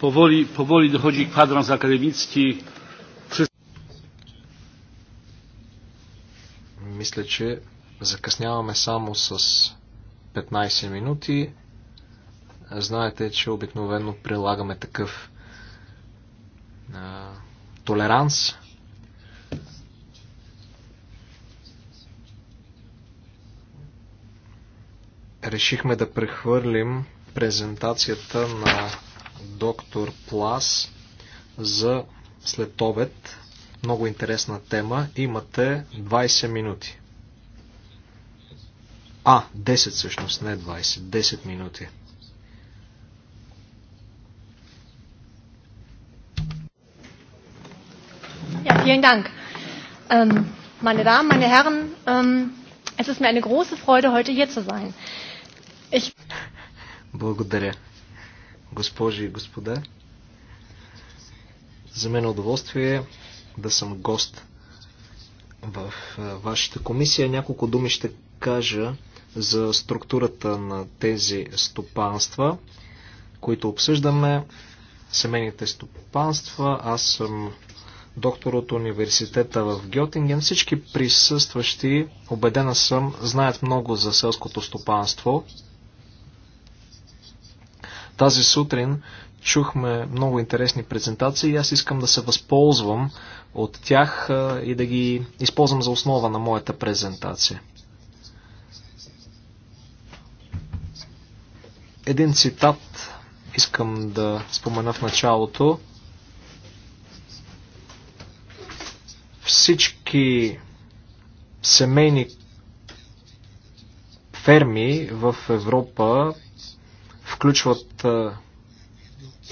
Powoli, powoli dochodzi kwadrans akademicki. Мисля, че закъсняваме само с 15 минути. Знаете, че обикновено прилагаме такъв а, толеранс. Решихме да прехвърлим презентацията на доктор Плас за следобед. Много интересна тема. Имате 20 минути. А, 10 всъщност, не 20. 10 минути. Ja, vielen Dank. Ähm, meine Damen, meine Herren, ähm, es ist mir eine große Freude, heute hier zu sein. Ich Благодаря госпожи и господа. За мен е удоволствие да съм гост в вашата комисия. Няколко думи ще кажа за структурата на тези стопанства, които обсъждаме. Семейните стопанства. Аз съм доктор от университета в Гьотинген. Всички присъстващи, убедена съм, знаят много за селското стопанство. Тази сутрин чухме много интересни презентации и аз искам да се възползвам от тях и да ги използвам за основа на моята презентация. Един цитат искам да спомена в началото. Всички семейни ферми в Европа включват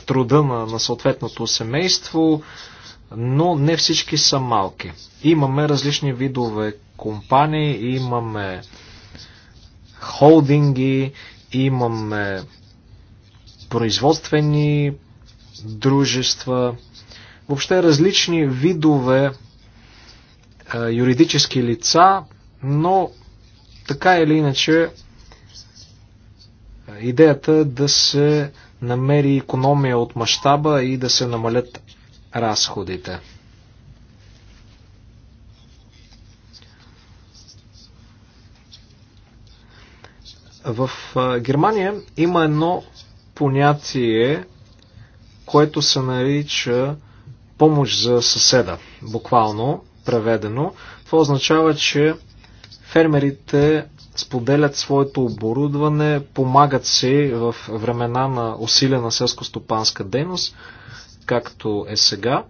труда на, на съответното семейство, но не всички са малки. Имаме различни видове компании, имаме холдинги, имаме производствени дружества, въобще различни видове юридически лица, но така или иначе идеята да се намери економия от мащаба и да се намалят разходите. В Германия има едно понятие, което се нарича помощ за съседа, буквално преведено. Това означава, че фермерите споделят своето оборудване, помагат си в времена на усилена селско-стопанска дейност, както е сега.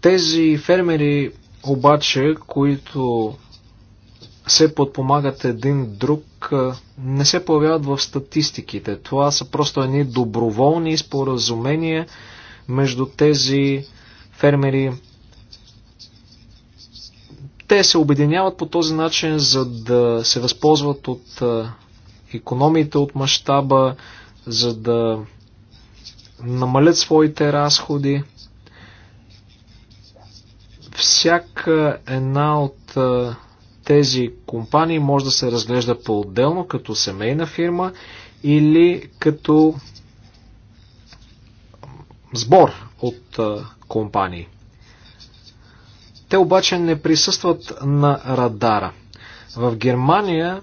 Тези фермери обаче, които се подпомагат един друг, не се появяват в статистиките. Това са просто едни доброволни споразумения между тези фермери те се обединяват по този начин, за да се възползват от економиите от мащаба, за да намалят своите разходи. Всяка една от тези компании може да се разглежда по-отделно като семейна фирма или като сбор от компании. Те обаче не присъстват на радара. В Германия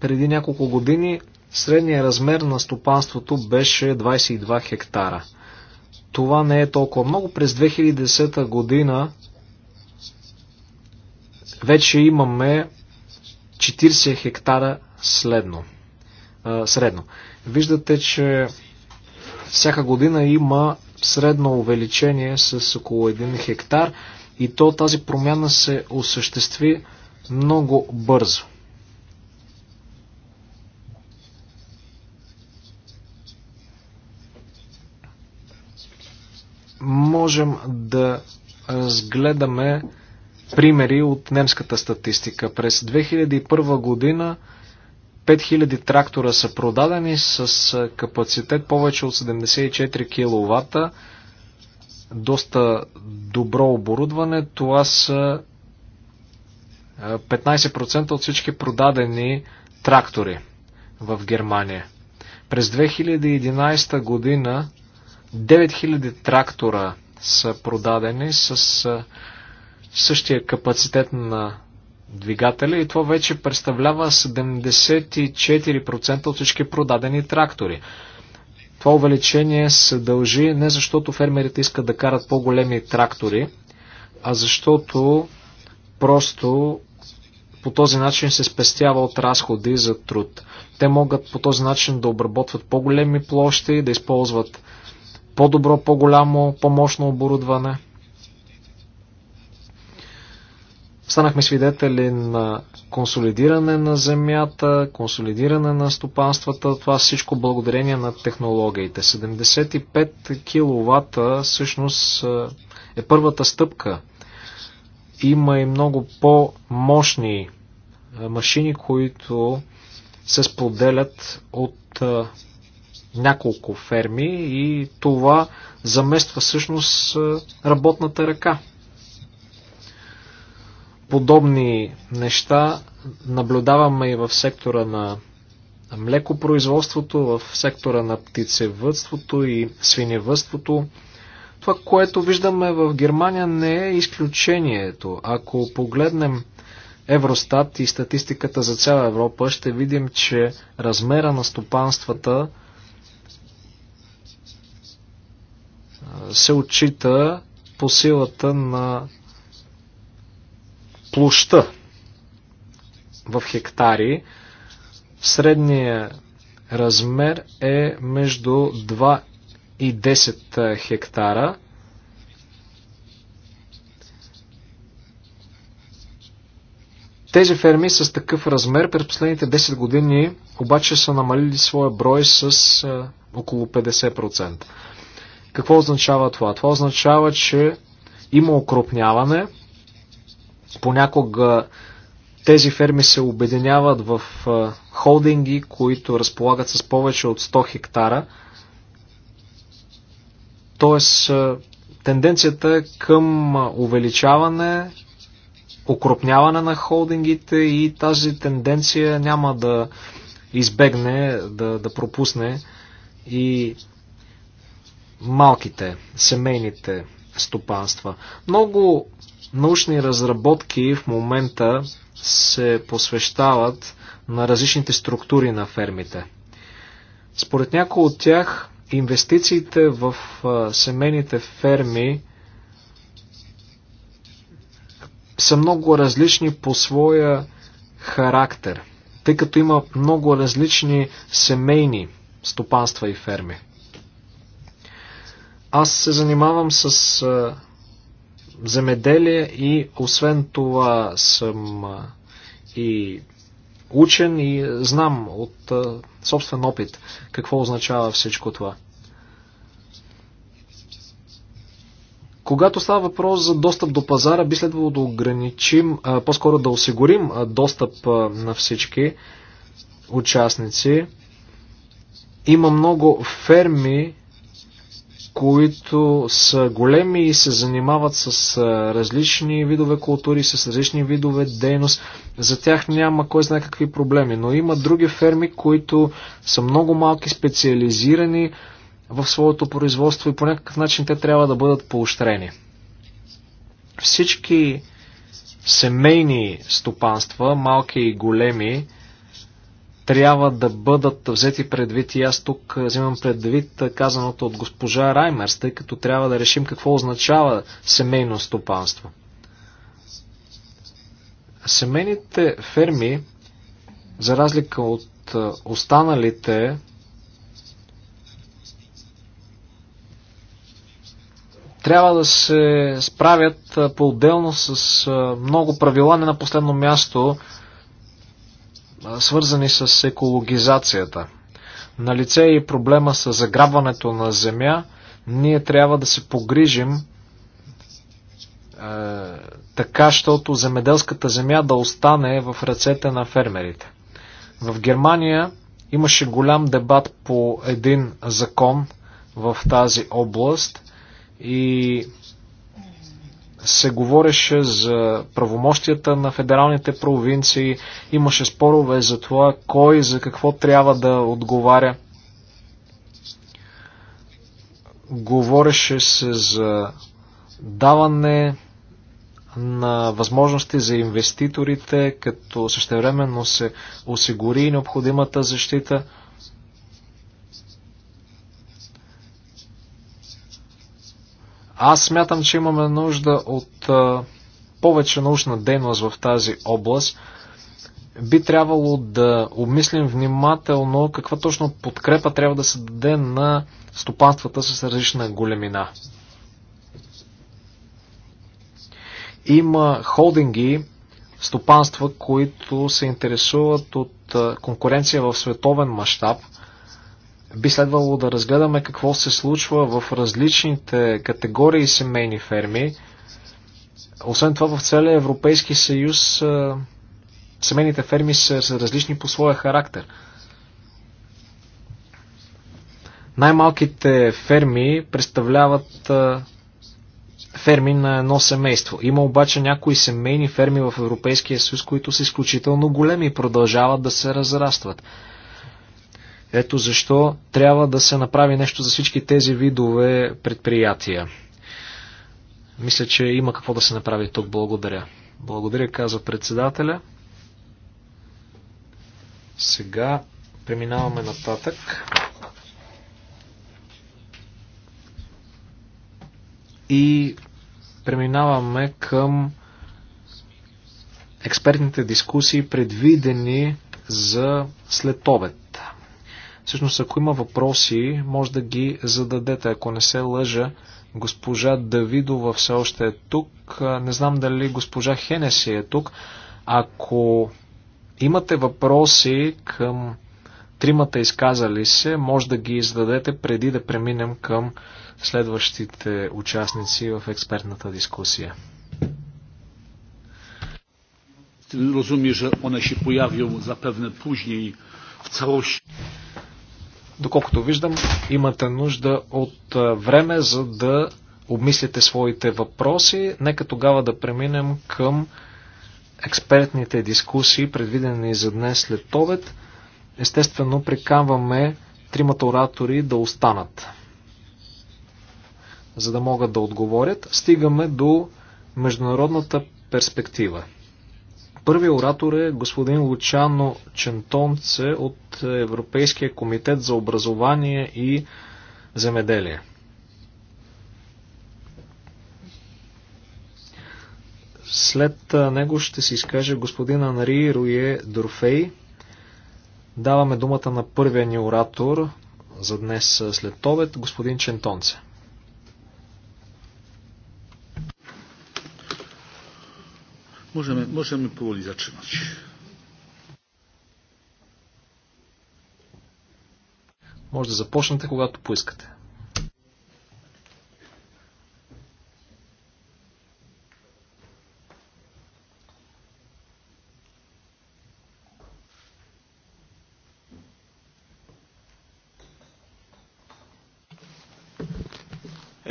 преди няколко години средният размер на стопанството беше 22 хектара. Това не е толкова много. През 2010 година вече имаме 40 хектара следно. А, средно. Виждате, че всяка година има средно увеличение с около 1 хектар и то тази промяна се осъществи много бързо. Можем да разгледаме примери от немската статистика. През 2001 година 5000 трактора са продадени с капацитет повече от 74 кВт доста добро оборудване. Това са 15% от всички продадени трактори в Германия. През 2011 година 9000 трактора са продадени с същия капацитет на двигателя и това вече представлява 74% от всички продадени трактори. Това увеличение се дължи не защото фермерите искат да карат по-големи трактори, а защото просто по този начин се спестява от разходи за труд. Те могат по този начин да обработват по-големи площи, да използват по-добро, по-голямо, по-мощно оборудване – Станахме свидетели на консолидиране на земята, консолидиране на стопанствата. Това всичко благодарение на технологиите. 75 кВт всъщност е, е първата стъпка. Има и много по-мощни е, машини, които се споделят от е, няколко ферми и това замества всъщност работната ръка Подобни неща наблюдаваме и в сектора на млекопроизводството, в сектора на птицевътството и свиневътството. Това, което виждаме в Германия не е изключението. Ако погледнем Евростат и статистиката за цяла Европа, ще видим, че размера на стопанствата се отчита по силата на площа в хектари, средния размер е между 2 и 10 хектара. Тези ферми с такъв размер през последните 10 години обаче са намалили своя брой с около 50%. Какво означава това? Това означава, че има окрупняване – Понякога тези ферми се обединяват в холдинги, които разполагат с повече от 100 хектара. Тоест, тенденцията е към увеличаване, окрупняване на холдингите и тази тенденция няма да избегне, да, да пропусне и малките, семейните стопанства. Много научни разработки в момента се посвещават на различните структури на фермите. Според някои от тях, инвестициите в семейните ферми са много различни по своя характер, тъй като има много различни семейни стопанства и ферми. Аз се занимавам с земеделие и освен това съм и учен и знам от собствен опит какво означава всичко това. Когато става въпрос за достъп до пазара, би следвало да ограничим, по-скоро да осигурим достъп на всички участници. Има много ферми, които са големи и се занимават с различни видове култури, с различни видове дейност. За тях няма кой знае какви проблеми, но има други ферми, които са много малки, специализирани в своето производство и по някакъв начин те трябва да бъдат поощрени. Всички семейни стопанства, малки и големи, трябва да бъдат взети предвид и аз тук взимам предвид казаното от госпожа Раймерс, тъй като трябва да решим какво означава семейно стопанство. Семейните ферми, за разлика от останалите, трябва да се справят по-отделно с много правила, не на последно място свързани с екологизацията. На лице и проблема с заграбването на земя, ние трябва да се погрижим е, така, щото земеделската земя да остане в ръцете на фермерите. В Германия имаше голям дебат по един закон в тази област и се говореше за правомощията на федералните провинции, имаше спорове за това кой за какво трябва да отговаря. Говореше се за даване на възможности за инвеститорите, като същевременно се осигури необходимата защита – Аз смятам, че имаме нужда от а, повече научна дейност в тази област. Би трябвало да обмислим внимателно каква точно подкрепа трябва да се даде на стопанствата с различна големина. Има холдинги, стопанства, които се интересуват от конкуренция в световен мащаб – би следвало да разгледаме какво се случва в различните категории семейни ферми. Освен това, в целия Европейски съюз семейните ферми са, различни по своя характер. Най-малките ферми представляват ферми на едно семейство. Има обаче някои семейни ферми в Европейския съюз, които са изключително големи и продължават да се разрастват. Ето защо трябва да се направи нещо за всички тези видове предприятия. Мисля, че има какво да се направи тук. Благодаря. Благодаря, казва председателя. Сега преминаваме нататък. И преминаваме към експертните дискусии, предвидени за следобед. Всъщност, ако има въпроси, може да ги зададете. Ако не се лъжа, госпожа Давидова все още е тук. Не знам дали госпожа Хенеси е тук. Ако имате въпроси към тримата изказали се, може да ги издадете преди да преминем към следващите участници в експертната дискусия. Rozumiem, że one się pojawią zapewne później в całości. Доколкото виждам, имате нужда от време, за да обмислите своите въпроси. Нека тогава да преминем към експертните дискусии, предвидени за днес след обед. Естествено, прикамваме тримата оратори да останат, за да могат да отговорят. Стигаме до международната перспектива. Първият оратор е господин Лучано Чентонце от Европейския комитет за образование и земеделие. След него ще се изкаже господин Анри Руе Дорфей. Даваме думата на първия ни оратор за днес след обед, господин Чентонце. Możemy, możemy powoli zaczynać. Може да започнете, когато поискате.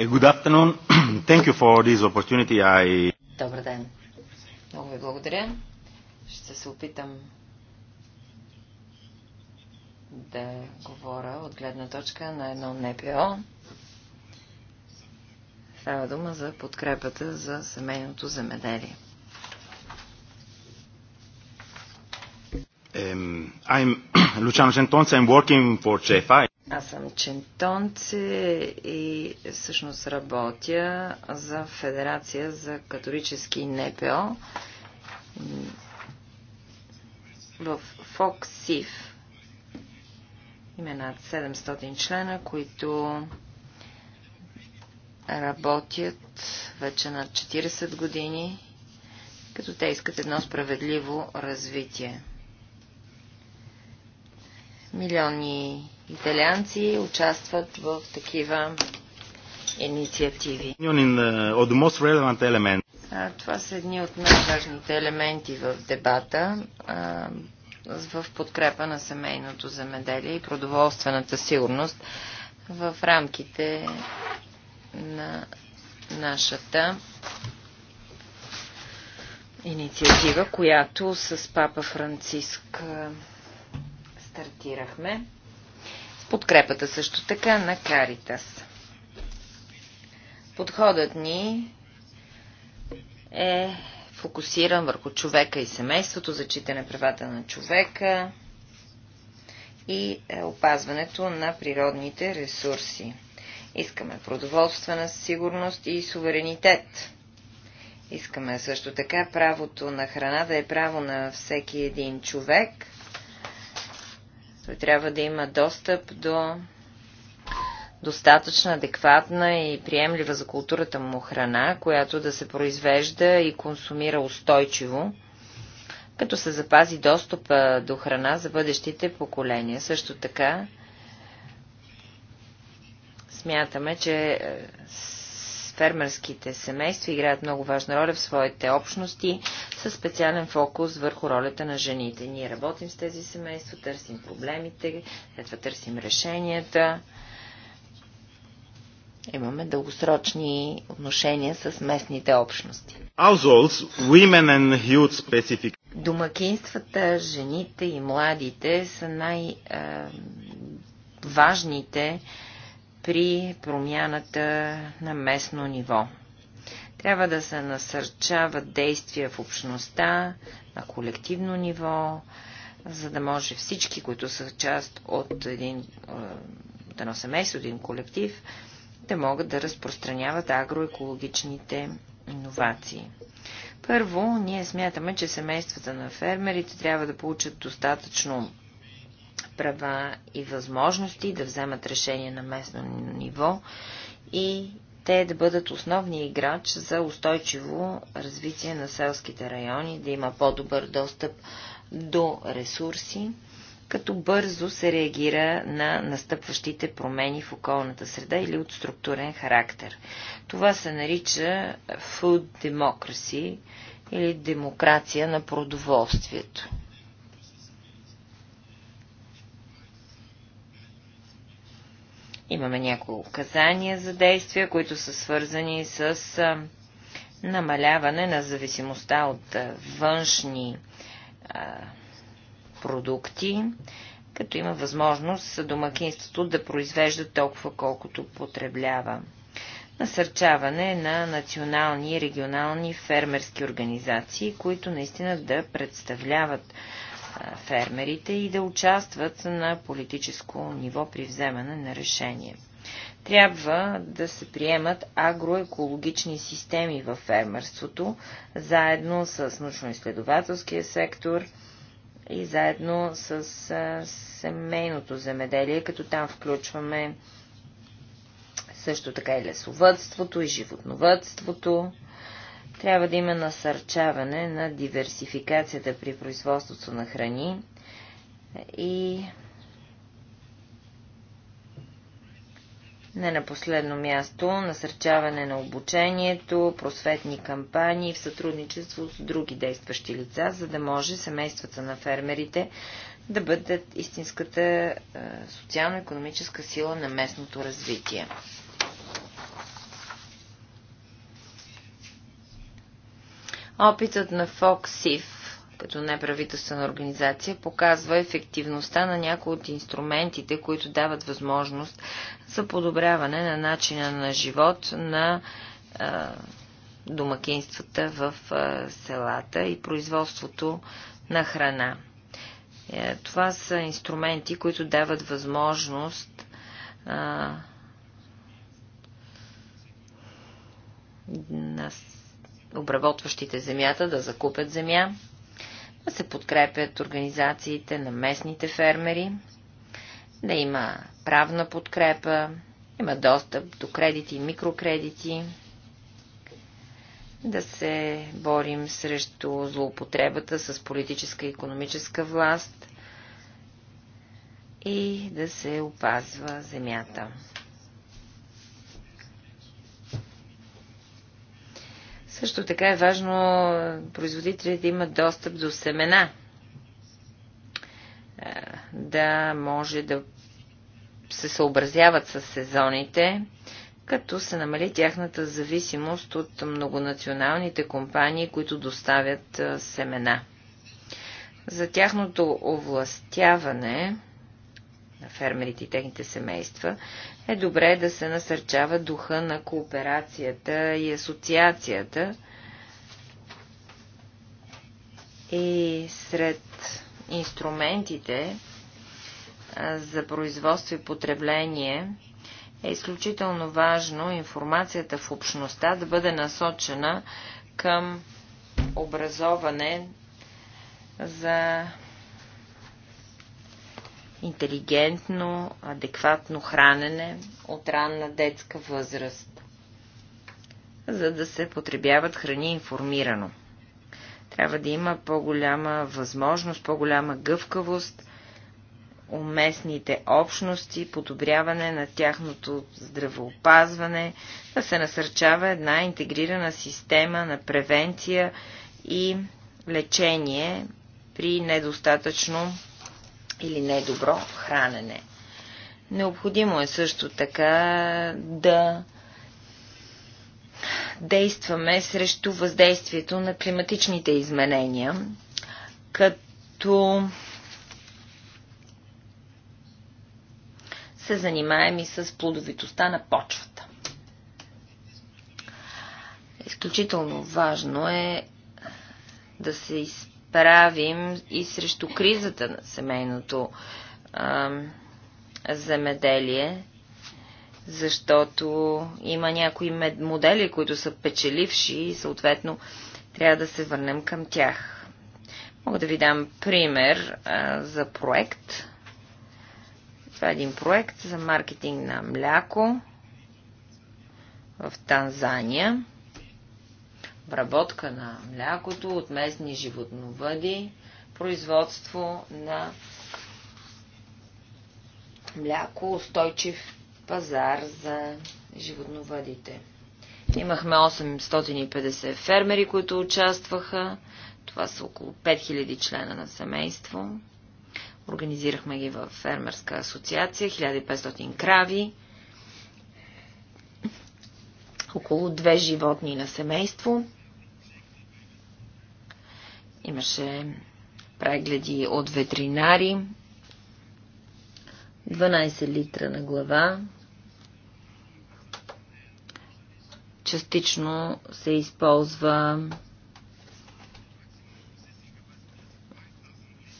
Good afternoon. Thank you for this opportunity. I... Добър ден. Много ви благодаря. Ще се опитам да говоря от гледна точка на едно НПО. Става дума за подкрепата за семейното земеделие. Um, I'm Luciano Gentonza, I'm working for CFI. Аз съм чентонце и всъщност работя за Федерация за католически НПО в ФОКСИФ. Има над 700 члена, които работят вече над 40 години, като те искат едно справедливо развитие. Милиони италианци участват в такива инициативи. това са едни от най-важните елементи в дебата в подкрепа на семейното замеделие и продоволствената сигурност в рамките на нашата инициатива, която с папа Франциск стартирахме с подкрепата също така на Каритас. Подходът ни е фокусиран върху човека и семейството, зачитане правата на човека и е, опазването на природните ресурси. Искаме продоволствена сигурност и суверенитет. Искаме също така правото на храна да е право на всеки един човек – той трябва да има достъп до достатъчна, адекватна и приемлива за културата му храна, която да се произвежда и консумира устойчиво, като се запази достъпа до храна за бъдещите поколения. Също така смятаме, че е, Фермерските семейства играят много важна роля в своите общности, с специален фокус върху ролята на жените. Ние работим с тези семейства, търсим проблемите, след това търсим решенията. Имаме дългосрочни отношения с местните общности. Домакинствата, жените и младите са най-важните при промяната на местно ниво. Трябва да се насърчават действия в общността, на колективно ниво, за да може всички, които са част от един, от едно семейство, един колектив, да могат да разпространяват агроекологичните иновации. Първо, ние смятаме, че семействата на фермерите трябва да получат достатъчно права и възможности да вземат решение на местно ниво и те да бъдат основни играч за устойчиво развитие на селските райони, да има по-добър достъп до ресурси, като бързо се реагира на настъпващите промени в околната среда или от структурен характер. Това се нарича food democracy или демокрация на продоволствието. Имаме няколко указания за действия, които са свързани с намаляване на зависимостта от външни продукти, като има възможност домакинството да произвежда толкова, колкото потреблява. Насърчаване на национални и регионални фермерски организации, които наистина да представляват фермерите и да участват на политическо ниво при вземане на решение. Трябва да се приемат агроекологични системи в фермерството, заедно с научно-изследователския сектор и заедно с семейното земеделие, като там включваме също така и лесовътството, и животновътството, трябва да има насърчаване на диверсификацията при производството на храни и Не на последно място, насърчаване на обучението, просветни кампании в сътрудничество с други действащи лица, за да може семействата на фермерите да бъдат истинската е, социално-економическа сила на местното развитие. Опитът на FOXIF като неправителствена организация показва ефективността на някои от инструментите, които дават възможност за подобряване на начина на живот на а, домакинствата в а, селата и производството на храна. Е, това са инструменти, които дават възможност а, на обработващите земята да закупят земя, да се подкрепят организациите на местните фермери, да има правна подкрепа, има достъп до кредити и микрокредити, да се борим срещу злоупотребата с политическа и економическа власт и да се опазва земята. Също така е важно производителите да имат достъп до семена, е, да може да се съобразяват с сезоните, като се намали тяхната зависимост от многонационалните компании, които доставят е, семена. За тяхното овластяване на фермерите и техните семейства е добре е да се насърчава духа на кооперацията и асоциацията и сред инструментите за производство и потребление е изключително важно информацията в общността да бъде насочена към образоване за интелигентно, адекватно хранене от ранна детска възраст, за да се потребяват храни информирано. Трябва да има по-голяма възможност, по-голяма гъвкавост, уместните общности, подобряване на тяхното здравеопазване, да се насърчава една интегрирана система на превенция и лечение при недостатъчно или недобро хранене. Необходимо е също така да действаме срещу въздействието на климатичните изменения, като се занимаем и с плодовитостта на почвата. Изключително важно е да се изпълнява правим и срещу кризата на семейното а, земеделие, защото има някои модели, които са печеливши и съответно трябва да се върнем към тях. Мога да ви дам пример а, за проект. Това е един проект за маркетинг на мляко в Танзания обработка на млякото от местни животновъди, производство на мляко, устойчив пазар за животновъдите. Имахме 850 фермери, които участваха. Това са около 5000 члена на семейство. Организирахме ги в фермерска асоциация, 1500 крави, около две животни на семейство. Имаше прегледи от ветеринари, 12 литра на глава. Частично се използва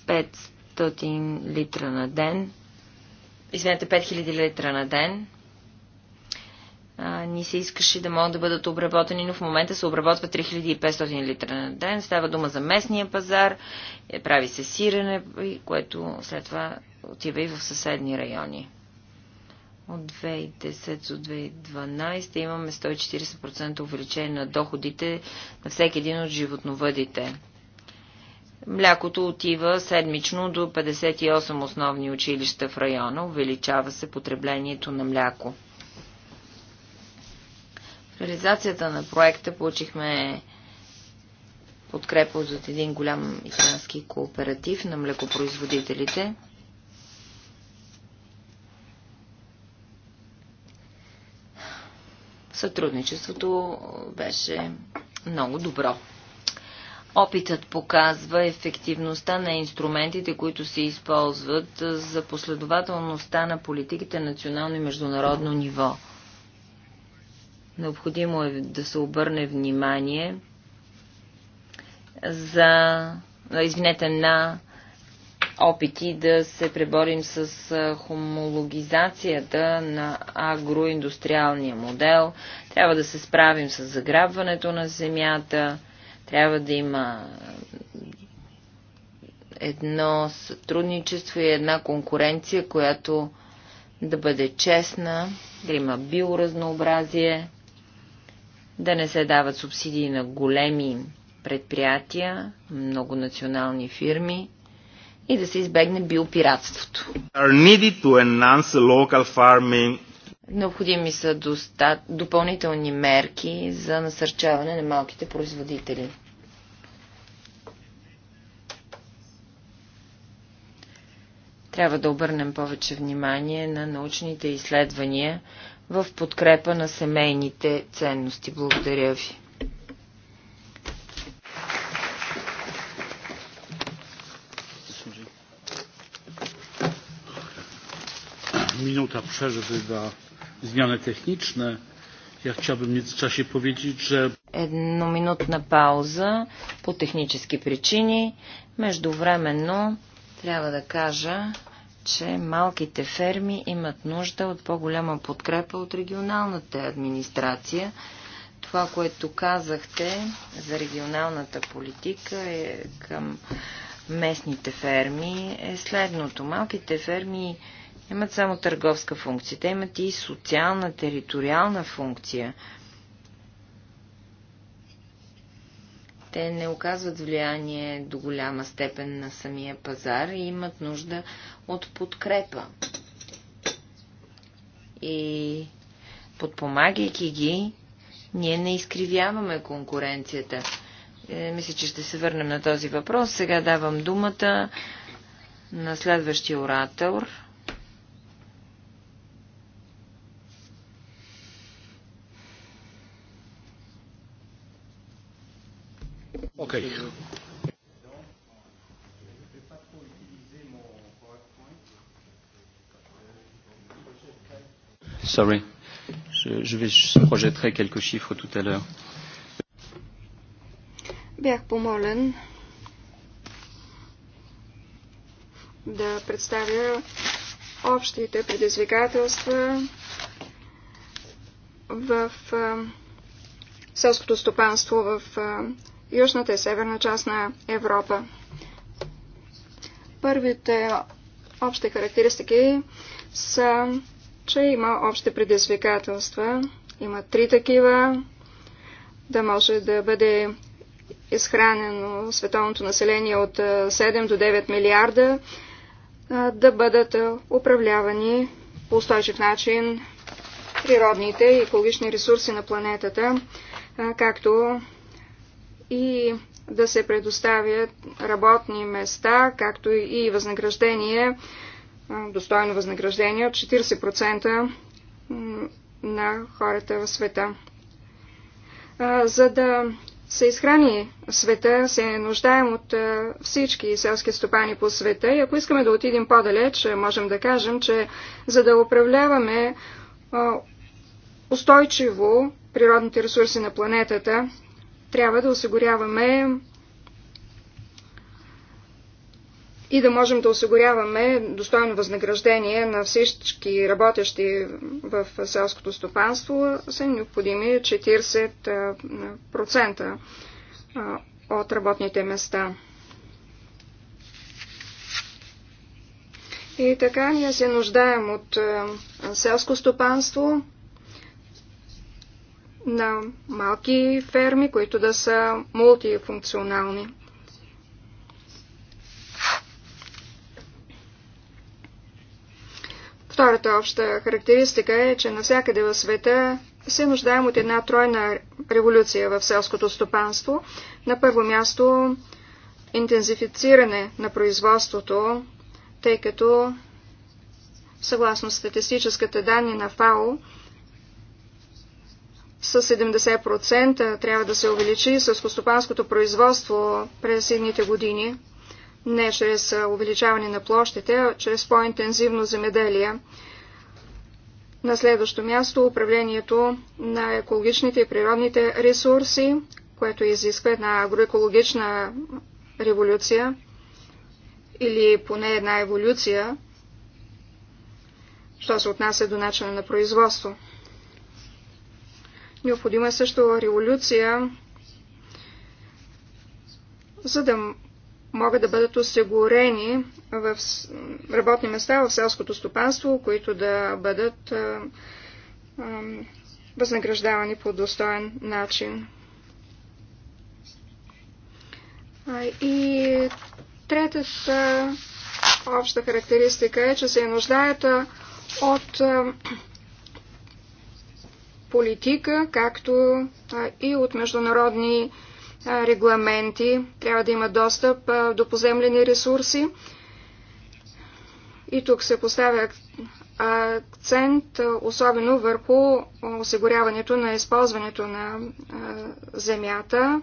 500 литра на ден. Извинете, 5000 литра на ден – ни се искаше да могат да бъдат обработени, но в момента се обработва 3500 литра на ден. Става дума за местния пазар, е, прави се сирене, което след това отива и в съседни райони. От 2010 до 2012 имаме 140% увеличение на доходите на всеки един от животновъдите. Млякото отива седмично до 58 основни училища в района, увеличава се потреблението на мляко реализацията на проекта получихме подкрепа от един голям италиански кооператив на млекопроизводителите. Сътрудничеството беше много добро. Опитът показва ефективността на инструментите, които се използват за последователността на политиките национално и международно ниво – Необходимо е да се обърне внимание за, извинете, на опити да се преборим с хомологизацията на агроиндустриалния модел. Трябва да се справим с заграбването на земята. Трябва да има едно сътрудничество и една конкуренция, която да бъде честна, да има биоразнообразие да не се дават субсидии на големи предприятия, многонационални фирми и да се избегне биопиратството. Необходими са доста... допълнителни мерки за насърчаване на малките производители. Трябва да обърнем повече внимание на научните изследвания, в подкрепа на семейните ценности. Благодаря ви. Minuta przerwy dla zmiany techniczne. Ja chciałbym w międzyczasie powiedzieć, że... Едноминутна пауза по технически причини. Междувременно трябва да кажа, че малките ферми имат нужда от по-голяма подкрепа от регионалната администрация. Това, което казахте за регионалната политика е към местните ферми е следното. Малките ферми имат само търговска функция. Те имат и социална, териториална функция. Те не оказват влияние до голяма степен на самия пазар и имат нужда от подкрепа. И подпомагайки ги, ние не изкривяваме конкуренцията. Е, мисля, че ще се върнем на този въпрос. Сега давам думата на следващия оратор. Окей. Okay. Sorry. Je, je vais, je projeterai quelques chiffres tout à l'heure. Бях помолен да представя общите предизвикателства в селското стопанство в южната и северна част на Европа. Първите общи характеристики са, че има общи предизвикателства. Има три такива. Да може да бъде изхранено световното население от 7 до 9 милиарда, да бъдат управлявани по устойчив начин природните и екологични ресурси на планетата, както и да се предоставят работни места, както и възнаграждение, достойно възнаграждение от 40% на хората в света. За да се изхрани света, се нуждаем от всички селски стопани по света и ако искаме да отидем по-далеч, можем да кажем, че за да управляваме устойчиво природните ресурси на планетата, трябва да осигуряваме и да можем да осигуряваме достойно възнаграждение на всички работещи в селското стопанство, са необходими 40% от работните места. И така ние се нуждаем от селско стопанство, на малки ферми, които да са мултифункционални. Втората обща характеристика е, че навсякъде в света се нуждаем от една тройна революция в селското стопанство. На първо място интензифициране на производството, тъй като съгласно статистическата данни на ФАО, с 70% трябва да се увеличи сълскостопанското производство през едните години, не чрез увеличаване на площите, а чрез по-интензивно земеделие. На следващо място управлението на екологичните и природните ресурси, което изисква една агроекологична революция или поне една еволюция, що се отнася до начина на производство. Необходима е също революция, за да могат да бъдат осигурени в работни места в селското стопанство, които да бъдат възнаграждавани по достоен начин. И третата обща характеристика е, че се нуждаят от политика, както и от международни регламенти. Трябва да има достъп до поземлени ресурси. И тук се поставя акцент особено върху осигуряването на използването на земята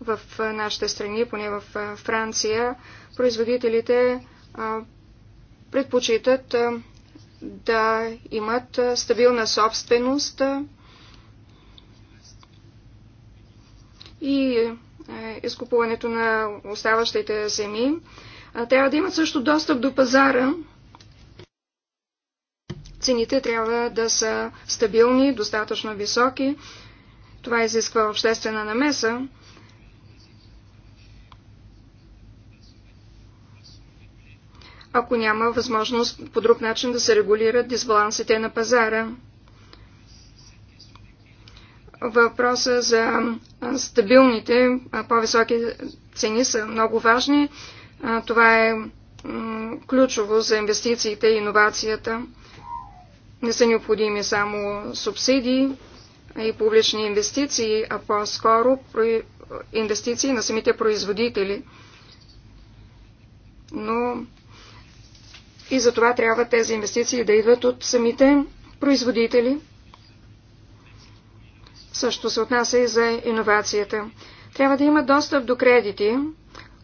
в нашите страни, поне в Франция. Производителите предпочитат да имат стабилна собственост и изкупуването на оставащите земи. Трябва да имат също достъп до пазара. Цените трябва да са стабилни, достатъчно високи. Това изисква обществена намеса. ако няма възможност по друг начин да се регулират дисбалансите на пазара. Въпроса за стабилните по-високи цени са много важни. Това е ключово за инвестициите и иновацията. Не са необходими само субсидии и публични инвестиции, а по-скоро инвестиции на самите производители. Но и за това трябва тези инвестиции да идват от самите производители. Също се отнася и за иновацията. Трябва да има достъп до кредити,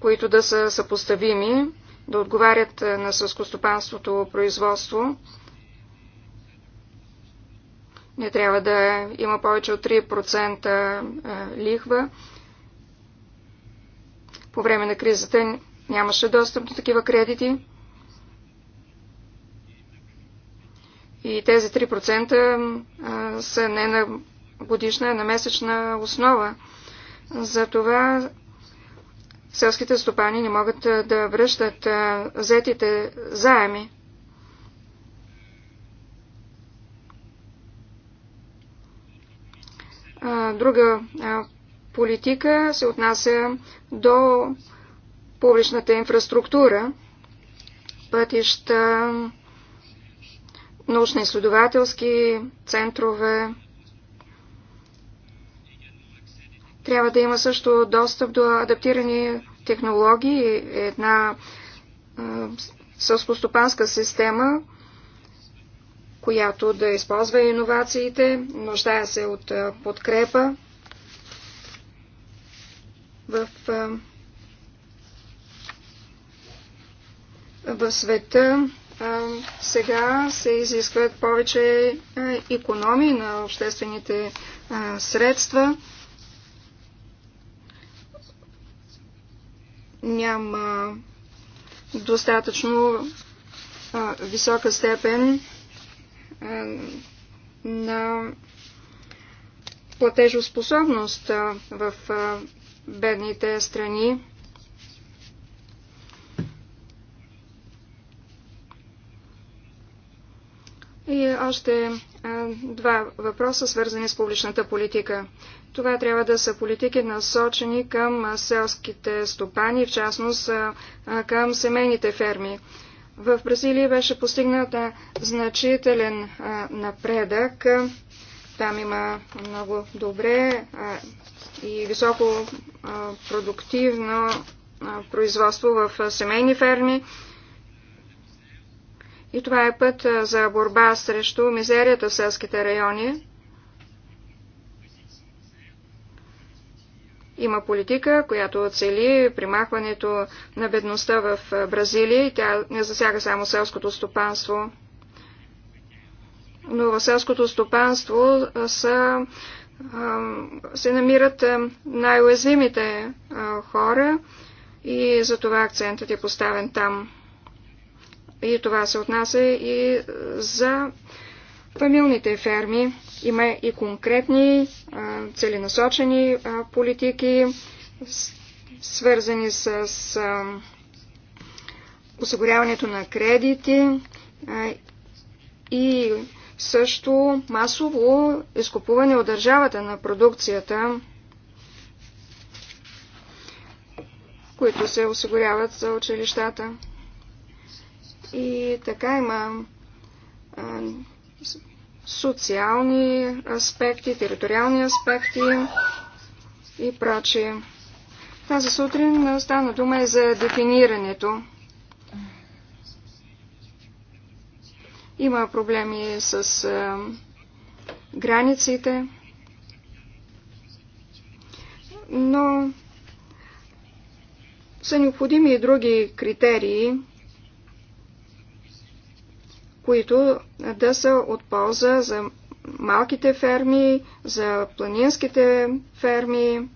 които да са съпоставими, да отговарят е, на съскостопанството производство. Не трябва да има повече от 3% е, лихва. По време на кризата нямаше достъп до такива кредити. И тези 3% са не на годишна, а на месечна основа. Затова селските стопани не могат да връщат взетите заеми. Друга политика се отнася до публичната инфраструктура, пътища, научно-изследователски центрове. Трябва да има също достъп до адаптирани технологии, една сълскостопанска система, която да използва иновациите, нуждае се от подкрепа в, в света сега се изискват повече економии на обществените средства. Няма достатъчно висока степен на платежоспособност в бедните страни. И още два въпроса, свързани с публичната политика. Това трябва да са политики насочени към селските стопани, в частност към семейните ферми. В Бразилия беше постигната значителен напредък. Там има много добре и високо продуктивно производство в семейни ферми. И това е път за борба срещу мизерията в селските райони. Има политика, която цели примахването на бедността в Бразилия и тя не засяга само селското стопанство. Но в селското стопанство са, се намират най-уязвимите хора и затова акцентът е поставен там. И това се отнася и за фамилните ферми. Има и конкретни целенасочени политики, свързани с осигуряването на кредити и също масово изкупуване от държавата на продукцията, които се осигуряват за училищата. И така има а, социални аспекти, териториални аспекти и прочие. Тази сутрин стана дума и за дефинирането. Има проблеми с а, границите, но са необходими и други критерии, които да са от полза за малките ферми, за планинските ферми,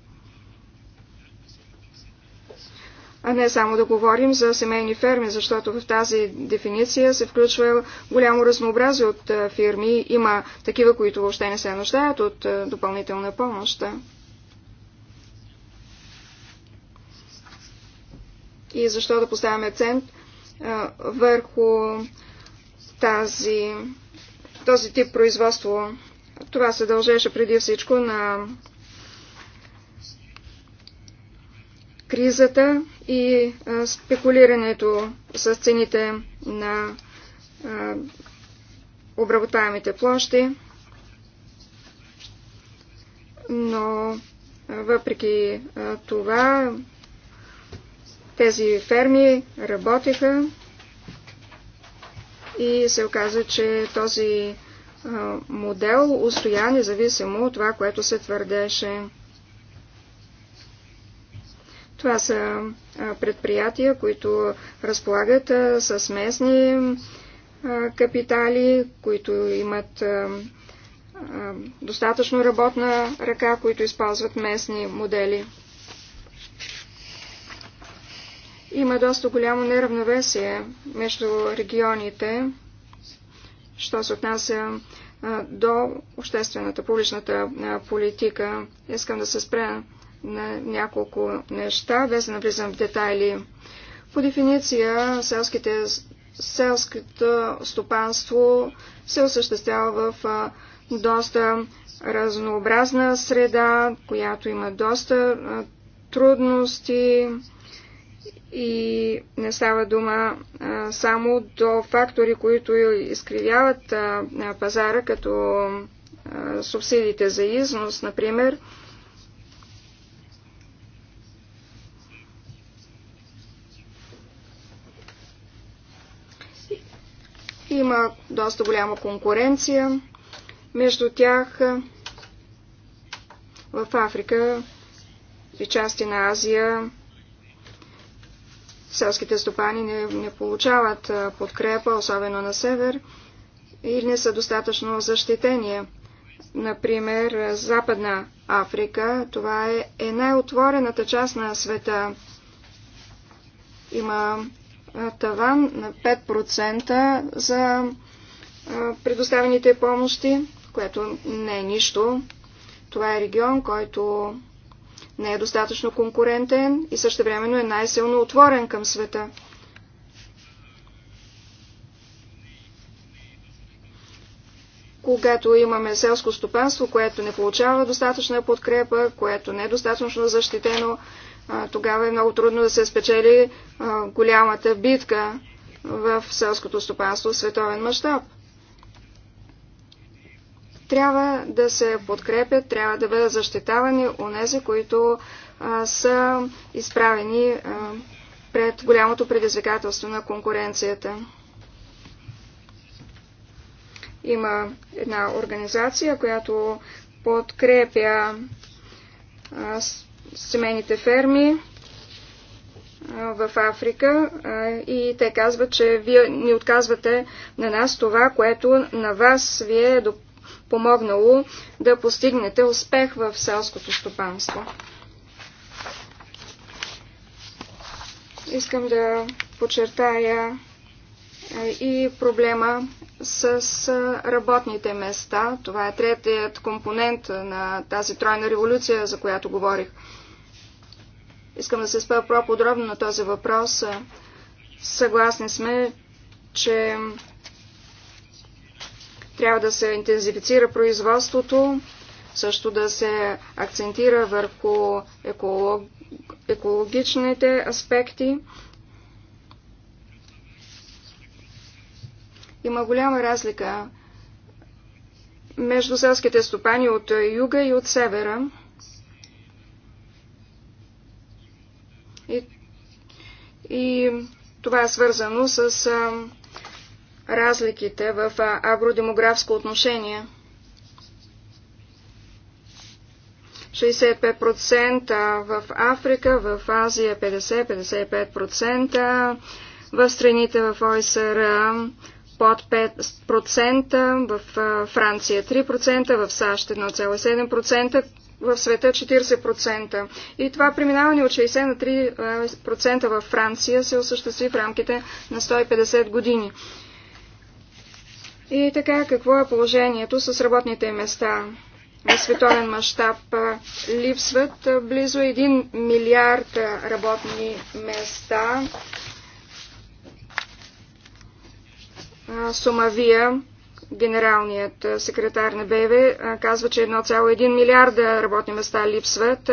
а не само да говорим за семейни ферми, защото в тази дефиниция се включва голямо разнообразие от фирми. Има такива, които въобще не се нуждаят от допълнителна помощ. И защо да поставяме акцент върху тази, този тип производство. Това се дължеше преди всичко на кризата и спекулирането с цените на обработаемите площи. Но въпреки това тези ферми работеха и се оказа, че този модел устоя независимо от това, което се твърдеше. Това са предприятия, които разполагат с местни капитали, които имат достатъчно работна ръка, които използват местни модели. Има доста голямо неравновесие между регионите, що се отнася до обществената, публичната политика. Искам да се спря на няколко неща, без да навлизам в детайли. По дефиниция, селските, селското стопанство се осъществява в доста разнообразна среда, която има доста трудности, и не става дума а, само до фактори, които изкривяват а, пазара, като а, субсидиите за износ, например. Има доста голяма конкуренция между тях в Африка и части на Азия селските стопани не, не получават подкрепа, особено на север, и не са достатъчно защитени. Например, Западна Африка, това е, е най-отворената част на света. Има таван на 5% за предоставените помощи, което не е нищо. Това е регион, който не е достатъчно конкурентен и също времено е най-силно отворен към света. Когато имаме селско стопанство, което не получава достатъчна подкрепа, което не е достатъчно защитено, тогава е много трудно да се спечели голямата битка в селското стопанство в световен мащаб трябва да се подкрепят, трябва да бъдат защитавани у нези, които а, са изправени а, пред голямото предизвикателство на конкуренцията. Има една организация, която подкрепя а, семейните ферми в Африка и те казват, че вие ни отказвате на нас това, което на вас вие е помогнало да постигнете успех в селското стопанство. Искам да подчертая е, и проблема с работните места. Това е третият компонент на тази тройна революция, за която говорих. Искам да се спа по-подробно на този въпрос. Съгласни сме, че трябва да се интензифицира производството, също да се акцентира върху еколог... екологичните аспекти. Има голяма разлика между селските стопани от юга и от севера. И, и това е свързано с а, разликите в агродемографско отношение. 65% в Африка, в Азия 50-55%, в страните в ОСР под 5%, в Франция 3%, в САЩ 1,7%, в света 40%. И това преминаване от 60 на 3% в Франция се осъществи в рамките на 150 години. И така, какво е положението с работните места? В световен мащаб липсват близо 1 милиард работни места. Сомавия, генералният секретар на БВ, е казва, че 1,1 милиарда работни места липсват.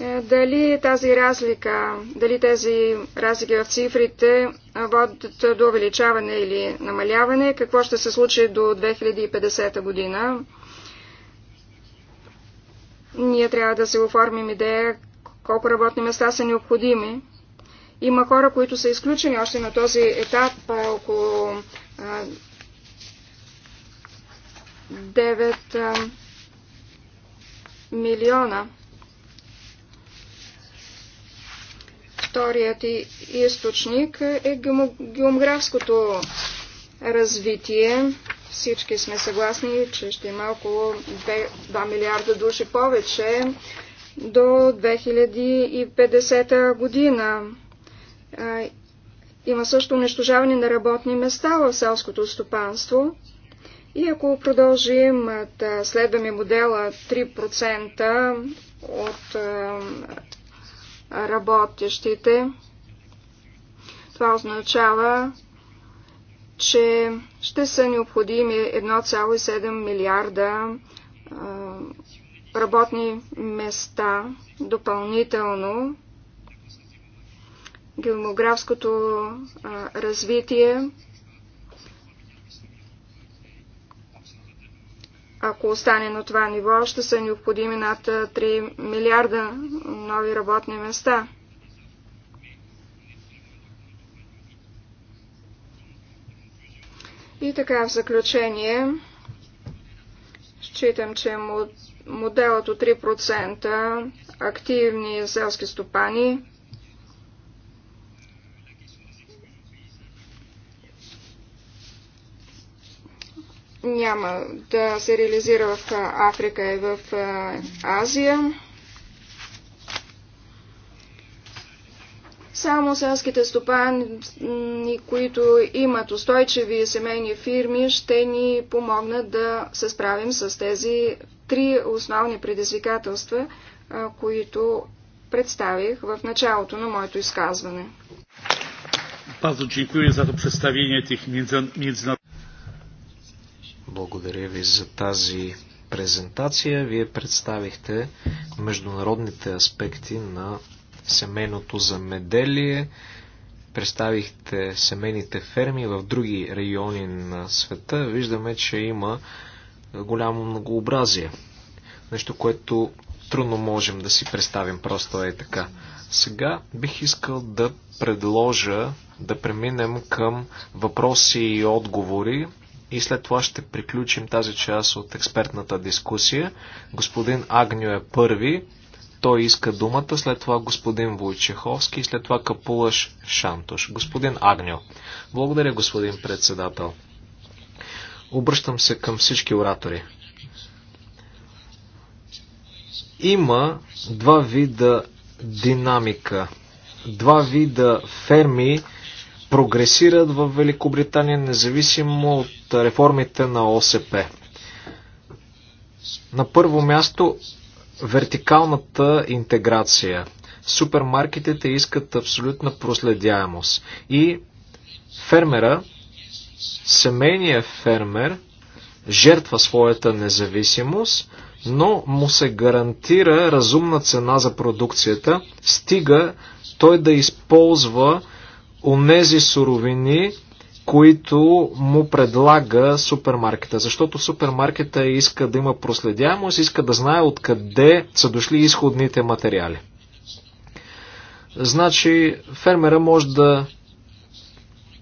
Е, дали тази разлика, дали тези разлики в цифрите е, водят до увеличаване или намаляване, какво ще се случи до 2050 година. Ние трябва да се оформим идея колко работни места са необходими. Има хора, които са изключени още на този етап, е, около 9 милиона. Вторият и източник е геомографското развитие. Всички сме съгласни, че ще има около 2, 2 милиарда души повече до 2050 година. Има също унищожаване на работни места в селското стопанство. И ако продължим да следваме модела 3% от работещите. Това означава, че ще са необходими 1,7 милиарда работни места допълнително. Геомографското развитие ако остане на това ниво, ще са необходими над 3 милиарда нови работни места. И така в заключение, считам, че моделът от 3% активни селски стопани няма да се реализира в Африка и в Азия. Само селските стопани, които имат устойчиви семейни фирми, ще ни помогнат да се справим с тези три основни предизвикателства, които представих в началото на моето изказване. Bardzo dziękuję za to przedstawienie благодаря ви за тази презентация. Вие представихте международните аспекти на семейното замеделие. Представихте семейните ферми в други райони на света. Виждаме, че има голямо многообразие. Нещо, което трудно можем да си представим просто е така. Сега бих искал да предложа да преминем към въпроси и отговори и след това ще приключим тази част от експертната дискусия. Господин Агньо е първи, той иска думата, след това господин Войчеховски и след това Капулаш Шантош. Господин Агньо. Благодаря, господин председател. Обръщам се към всички оратори. Има два вида динамика, два вида ферми, прогресират в Великобритания, независимо от реформите на ОСП. На първо място вертикалната интеграция. Супермаркетите искат абсолютна проследяемост. И фермера, семейният фермер, жертва своята независимост, но му се гарантира разумна цена за продукцията, стига той да използва онези суровини, които му предлага супермаркета. Защото супермаркета иска да има проследяемост, иска да знае откъде са дошли изходните материали. Значи фермера може да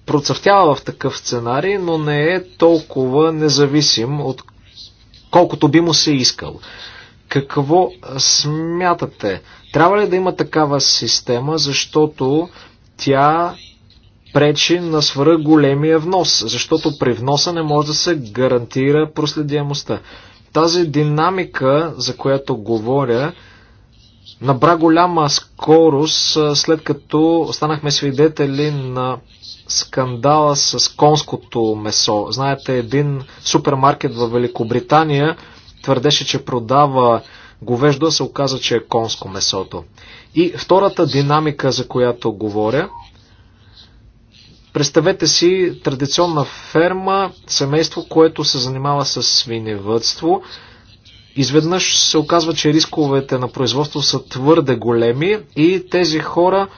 процъфтява в такъв сценарий, но не е толкова независим от колкото би му се искал. Какво смятате? Трябва ли да има такава система, защото тя пречи на свръх големия внос, защото при вноса не може да се гарантира проследимостта. Тази динамика, за която говоря, набра голяма скорост, след като станахме свидетели на скандала с конското месо. Знаете, един супермаркет в Великобритания твърдеше, че продава говеждо се оказа, че е конско месото. И втората динамика, за която говоря, представете си традиционна ферма, семейство, което се занимава с свиневътство. Изведнъж се оказва, че рисковете на производство са твърде големи и тези хора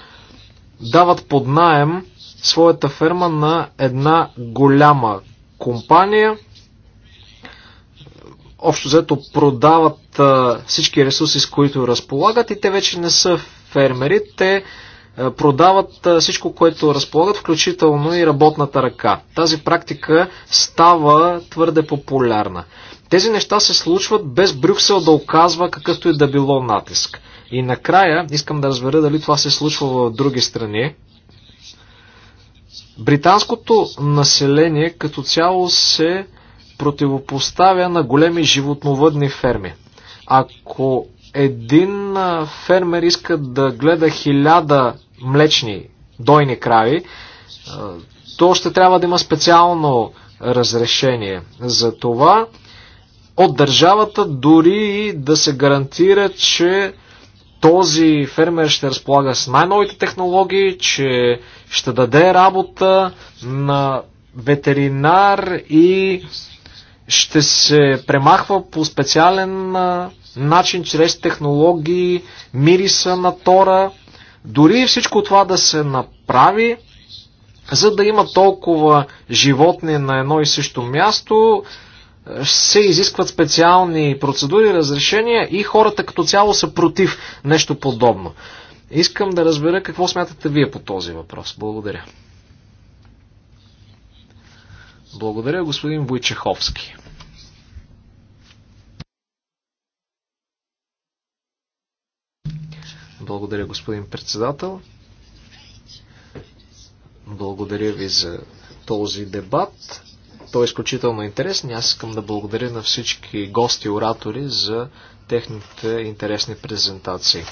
дават под найем своята ферма на една голяма компания, общо взето продават всички ресурси, с които разполагат и те вече не са фермери, те продават всичко, което разполагат, включително и работната ръка. Тази практика става твърде популярна. Тези неща се случват без Брюксел да оказва какъвто и да било натиск. И накрая искам да разбера дали това се случва в други страни. Британското население като цяло се противопоставя на големи животновъдни ферми. Ако един фермер иска да гледа хиляда млечни дойни крави, то ще трябва да има специално разрешение за това. От държавата дори и да се гарантира, че този фермер ще разполага с най-новите технологии, че ще даде работа на ветеринар и ще се премахва по специален начин, чрез технологии, мириса на тора. Дори всичко това да се направи, за да има толкова животни на едно и също място, се изискват специални процедури, разрешения и хората като цяло са против нещо подобно. Искам да разбера какво смятате вие по този въпрос. Благодаря. Благодаря, господин Войчеховски. Благодаря, господин председател. Благодаря ви за този дебат. Той е изключително интересен. Аз искам да благодаря на всички гости и оратори за техните интересни презентации.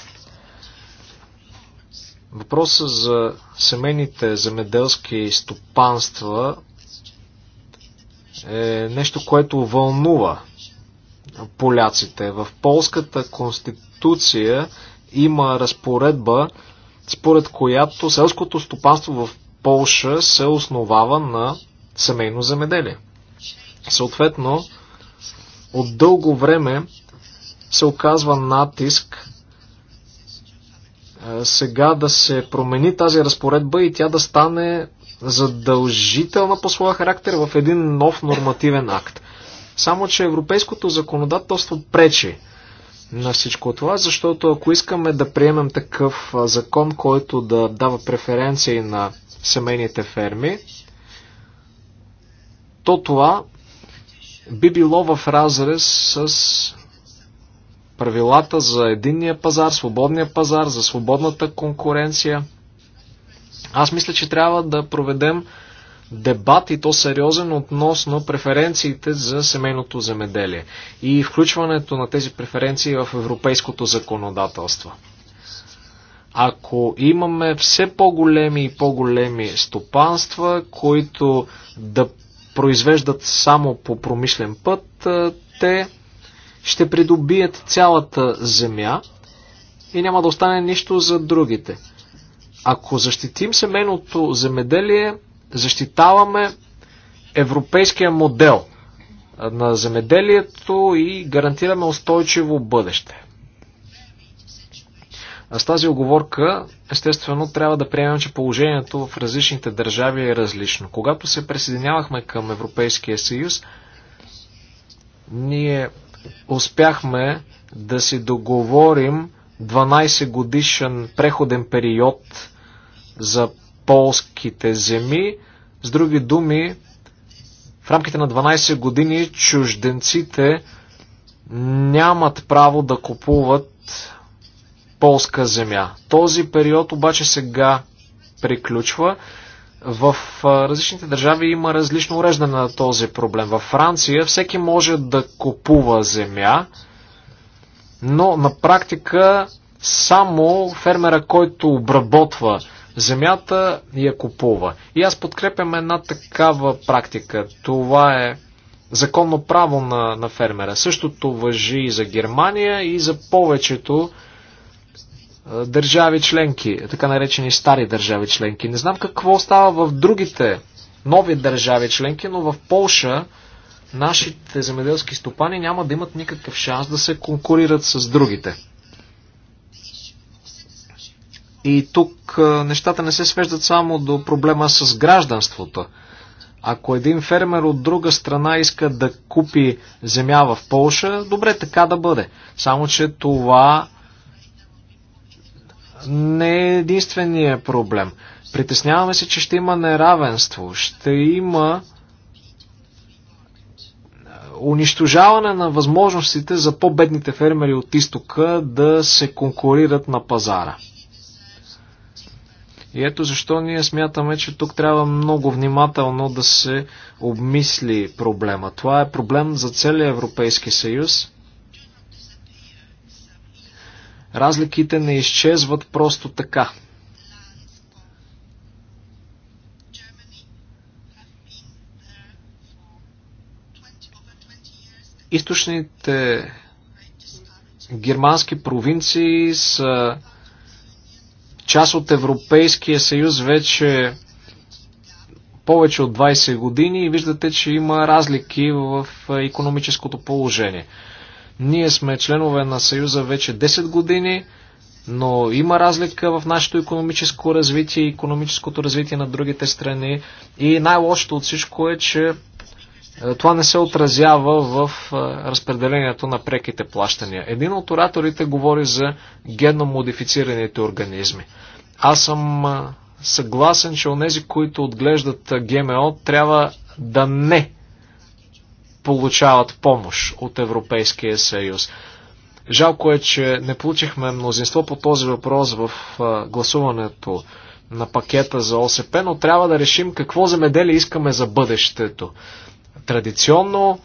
Въпросът за семейните земеделски стопанства е нещо, което вълнува поляците. В полската конституция има разпоредба, според която селското стопанство в Полша се основава на семейно земеделие. Съответно, от дълго време се оказва натиск е, сега да се промени тази разпоредба и тя да стане задължителна по своя характер в един нов нормативен акт. Само, че европейското законодателство пречи на всичко това, защото ако искаме да приемем такъв закон, който да дава преференции на семейните ферми, то това би било в разрез с правилата за единния пазар, свободния пазар, за свободната конкуренция – аз мисля, че трябва да проведем дебат и то сериозен относно преференциите за семейното земеделие и включването на тези преференции в европейското законодателство. Ако имаме все по-големи и по-големи стопанства, които да произвеждат само по промишлен път, те ще придобият цялата земя и няма да остане нищо за другите. Ако защитим семейното земеделие, защитаваме европейския модел на земеделието и гарантираме устойчиво бъдеще. А с тази оговорка, естествено, трябва да приемем, че положението в различните държави е различно. Когато се присъединявахме към Европейския съюз, ние успяхме да си договорим 12 годишен преходен период за полските земи. С други думи, в рамките на 12 години чужденците нямат право да купуват полска земя. Този период обаче сега приключва. В различните държави има различно уреждане на този проблем. Във Франция всеки може да купува земя, но на практика само фермера, който обработва земята я купува. И аз подкрепям една такава практика. Това е законно право на, на фермера. Същото въжи и за Германия и за повечето държави членки, така наречени стари държави членки. Не знам какво става в другите нови държави членки, но в Полша нашите земеделски стопани няма да имат никакъв шанс да се конкурират с другите. И тук нещата не се свеждат само до проблема с гражданството. Ако един фермер от друга страна иска да купи земя в Полша, добре така да бъде. Само, че това не е единствения проблем. Притесняваме се, че ще има неравенство, ще има унищожаване на възможностите за по-бедните фермери от изтока да се конкурират на пазара. И ето защо ние смятаме, че тук трябва много внимателно да се обмисли проблема. Това е проблем за целия Европейски съюз. Разликите не изчезват просто така. Източните германски провинции са част от Европейския съюз вече повече от 20 години и виждате, че има разлики в економическото положение. Ние сме членове на Съюза вече 10 години, но има разлика в нашето економическо развитие и економическото развитие на другите страни. И най-лошото от всичко е, че е, това не се отразява в е, разпределението на преките плащания. Един от ораторите говори за генномодифицираните организми. Аз съм е, съгласен, че онези, които отглеждат ГМО, трябва да не получават помощ от Европейския съюз. Жалко е, че не получихме мнозинство по този въпрос в гласуването на пакета за ОСП, но трябва да решим какво земеделие искаме за бъдещето традиционно,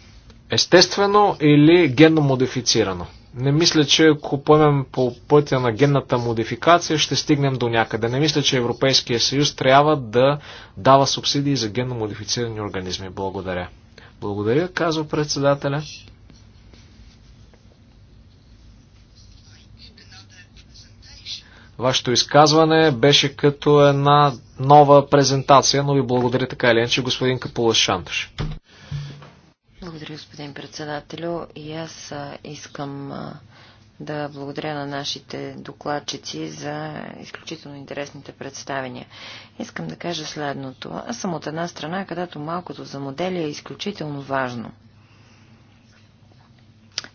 естествено или генно модифицирано. Не мисля, че ако поемем по пътя на генната модификация, ще стигнем до някъде. Не мисля, че Европейския съюз трябва да дава субсидии за генно модифицирани организми. Благодаря. Благодаря, казва председателя. Вашето изказване беше като една нова презентация, но ви благодаря така или иначе, господин Капула Шантош. Благодаря, господин председателю. И аз искам да благодаря на нашите докладчици за изключително интересните представения. Искам да кажа следното. Аз съм от една страна, където малкото замоделие е изключително важно.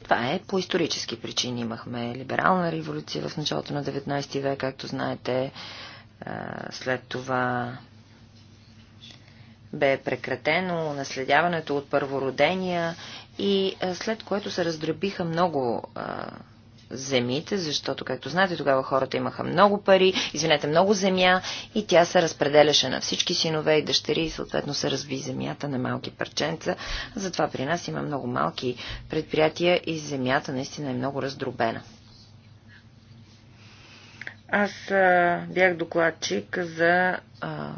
Това е по исторически причини. Имахме либерална революция в началото на 19 век, както знаете. След това бе прекратено, наследяването от първородения и след което се раздробиха много земите, защото, както знаете, тогава хората имаха много пари, извинете, много земя и тя се разпределяше на всички синове и дъщери и съответно се разби земята на малки парченца. Затова при нас има много малки предприятия и земята наистина е много раздробена. Аз а, бях докладчик за а,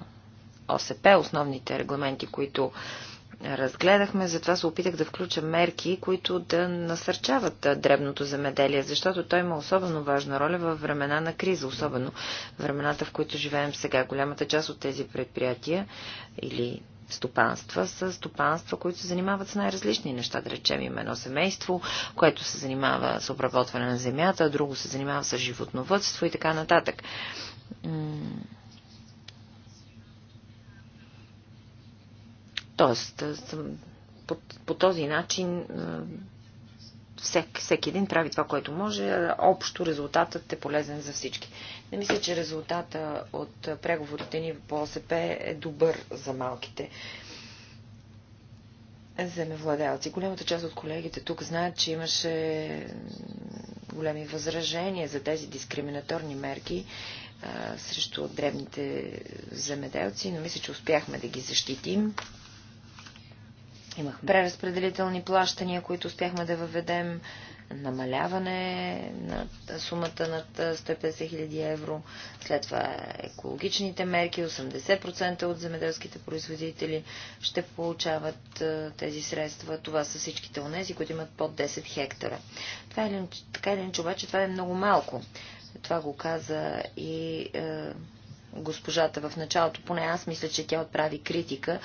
ОСП, основните регламенти, които разгледахме, затова се опитах да включа мерки, които да насърчават дребното земеделие, защото той има особено важна роля във времена на криза, особено времената, в които живеем сега. Голямата част от тези предприятия или стопанства са стопанства, които се занимават с най-различни неща. Да речем има едно семейство, което се занимава с обработване на земята, друго се занимава с животновътство и така нататък Тоест, по, по този начин всек, всеки един прави това, което може, общо резултатът е полезен за всички. Не мисля, че резултата от преговорите ни по ОСП е добър за малките земевладелци. Голямата част от колегите тук знаят, че имаше големи възражения за тези дискриминаторни мерки а, срещу дребните земеделци, но мисля, че успяхме да ги защитим Имахме преразпределителни плащания, които успяхме да въведем, намаляване на сумата над 150 000 евро, след това екологичните мерки, 80% от земеделските производители ще получават тези средства. Това са всичките онези, които имат под 10 хектара. Това е, така или е, иначе, обаче това е много малко. Това го каза и госпожата в началото, поне аз мисля, че тя отправи критика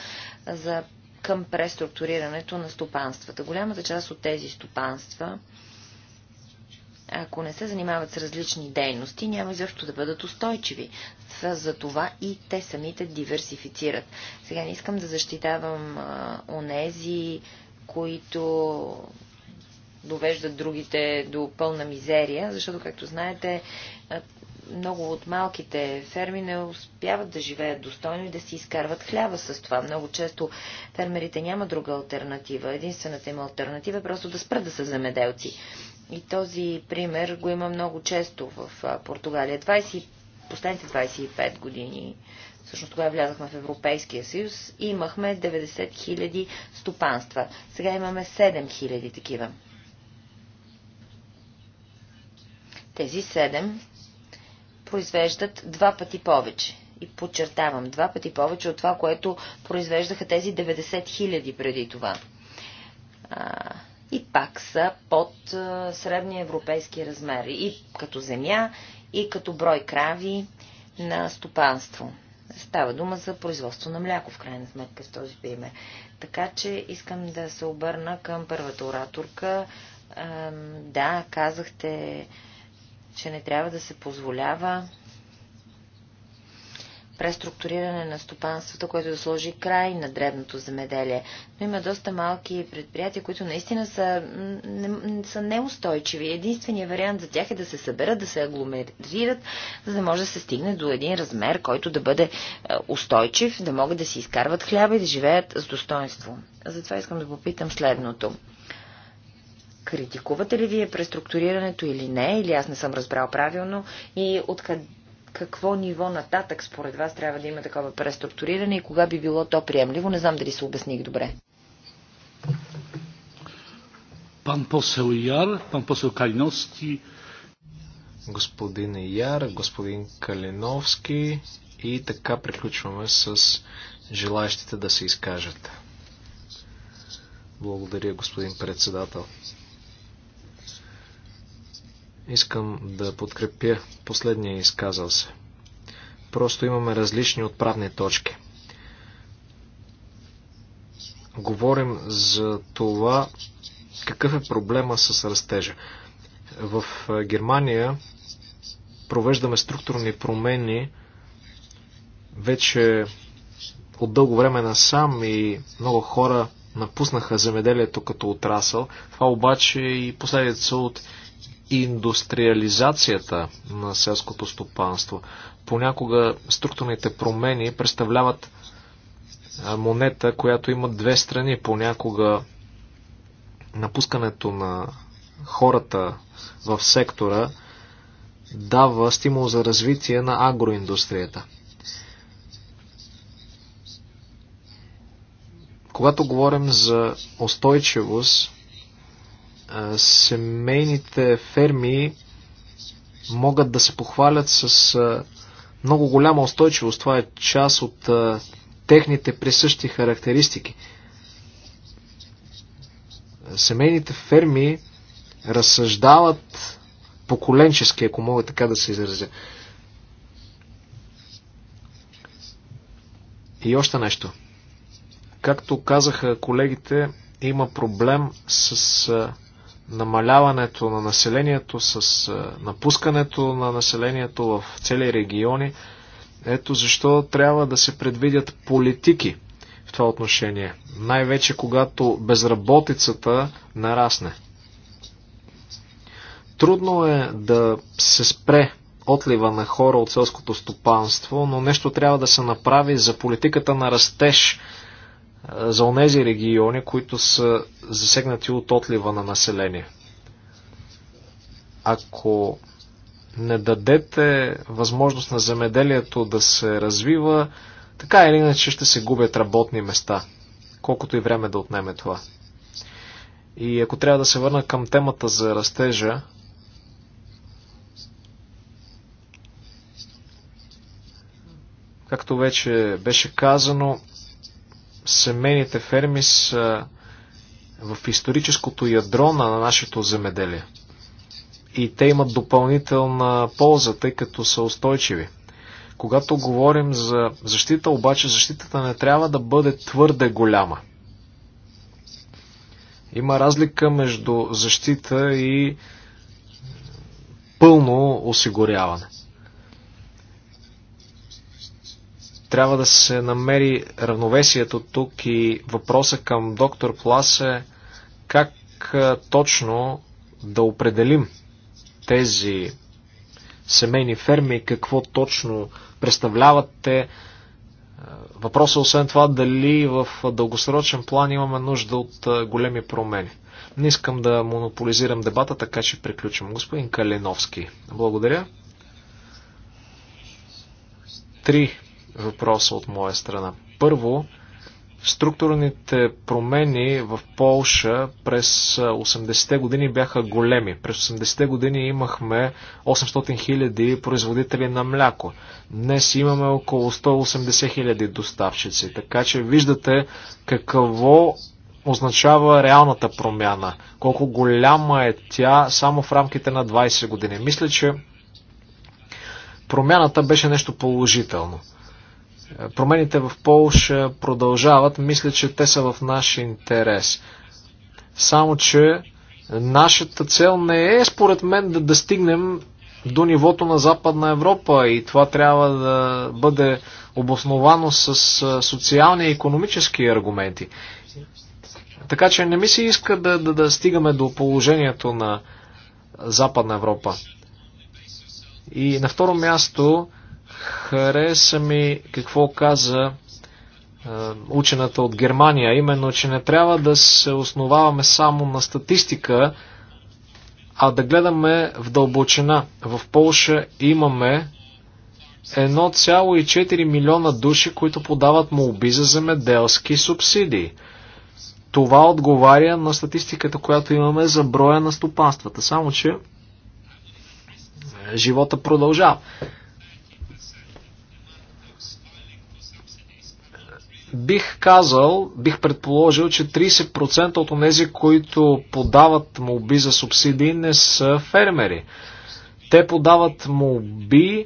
за към преструктурирането на стопанствата. Голямата част от тези стопанства, ако не се занимават с различни дейности, няма изобщо да бъдат устойчиви. За това и те самите диверсифицират. Сега не искам да защитавам а, онези, които довеждат другите до пълна мизерия, защото, както знаете, много от малките ферми не успяват да живеят достойно и да си изкарват хляба с това. Много често фермерите няма друга альтернатива. Единствената им альтернатива е просто да спрат да са замеделци. И този пример го има много често в Португалия. 20, последните 25 години, всъщност тогава влязахме в Европейския съюз, имахме 90 000 стопанства. Сега имаме 7 000 такива. Тези 7 произвеждат два пъти повече. И подчертавам, два пъти повече от това, което произвеждаха тези 90 хиляди преди това. А, и пак са под а, средния европейски размер. И като земя, и като брой крави на стопанство. Става дума за производство на мляко, в крайна сметка, в този пример. Така че искам да се обърна към първата ораторка. А, да, казахте че не трябва да се позволява преструктуриране на стопанствата, което да сложи край на дребното земеделие. Но има доста малки предприятия, които наистина са, не, са неустойчиви. Единственият вариант за тях е да се съберат, да се агломерират, за да може да се стигне до един размер, който да бъде е, устойчив, да могат да си изкарват хляба и да живеят с достоинство. Затова искам да попитам следното. Критикувате ли вие преструктурирането или не, или аз не съм разбрал правилно и от какво ниво нататък според вас трябва да има такова преструктуриране и кога би било то приемливо? Не знам дали се обясних добре. Пан посел Яр, пан посел Калиновски. Господин Яр, господин Калиновски и така приключваме с желаящите да се изкажат. Благодаря, господин председател. Искам да подкрепя последния изказал се. Просто имаме различни отправни точки. Говорим за това какъв е проблема с растежа. В Германия провеждаме структурни промени вече от дълго време насам и много хора напуснаха земеделието като отрасъл. Това обаче е и последица от индустриализацията на селското стопанство. Понякога структурните промени представляват монета, която има две страни. Понякога напускането на хората в сектора дава стимул за развитие на агроиндустрията. Когато говорим за устойчивост, семейните ферми могат да се похвалят с много голяма устойчивост. Това е част от техните присъщи характеристики. Семейните ферми разсъждават поколенчески, ако мога така да се изразя. И още нещо. Както казаха колегите, има проблем с намаляването на населението, с е, напускането на населението в цели региони. Ето защо трябва да се предвидят политики в това отношение. Най-вече когато безработицата нарасне. Трудно е да се спре отлива на хора от селското стопанство, но нещо трябва да се направи за политиката на растеж за онези региони, които са засегнати от отлива на население. Ако не дадете възможност на земеделието да се развива, така или иначе ще се губят работни места, колкото и време да отнеме това. И ако трябва да се върна към темата за растежа, както вече беше казано, Семейните ферми са в историческото ядро на нашето земеделие. И те имат допълнителна полза, тъй като са устойчиви. Когато говорим за защита, обаче защитата не трябва да бъде твърде голяма. Има разлика между защита и пълно осигуряване. Трябва да се намери равновесието тук и въпроса към доктор Плас е как точно да определим тези семейни ферми, какво точно представляват те. Въпросът е освен това дали в дългосрочен план имаме нужда от големи промени. Не искам да монополизирам дебата, така че приключвам. Господин Калиновски, благодаря. Три въпроса от моя страна. Първо, структурните промени в Полша през 80-те години бяха големи. През 80-те години имахме 800 хиляди производители на мляко. Днес имаме около 180 хиляди доставчици. Така че виждате какво означава реалната промяна. Колко голяма е тя само в рамките на 20 години. Мисля, че промяната беше нещо положително. Промените в Полша продължават. Мисля, че те са в наш интерес. Само, че нашата цел не е, според мен, да, да стигнем до нивото на Западна Европа и това трябва да бъде обосновано с социални и економически аргументи. Така че не ми се иска да, да, да стигаме до положението на Западна Европа. И на второ място, Хареса ми какво каза е, учената от Германия, именно, че не трябва да се основаваме само на статистика, а да гледаме в дълбочина. В Полша имаме 1,4 милиона души, които подават молби за земеделски субсидии. Това отговаря на статистиката, която имаме за броя на стопанствата. Само, че живота продължава. бих казал, бих предположил, че 30% от тези, които подават молби за субсидии, не са фермери. Те подават молби, е,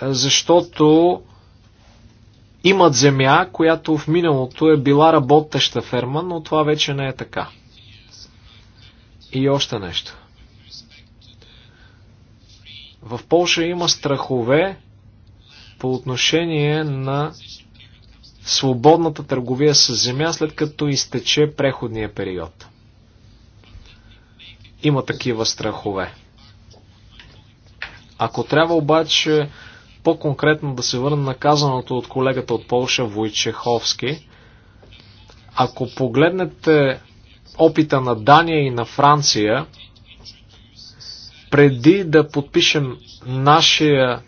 защото имат земя, която в миналото е била работеща ферма, но това вече не е така. И още нещо. В Польша има страхове по отношение на свободната търговия с земя, след като изтече преходния период. Има такива страхове. Ако трябва обаче по-конкретно да се върна на казаното от колегата от Полша Войчеховски, ако погледнете опита на Дания и на Франция, преди да подпишем нашия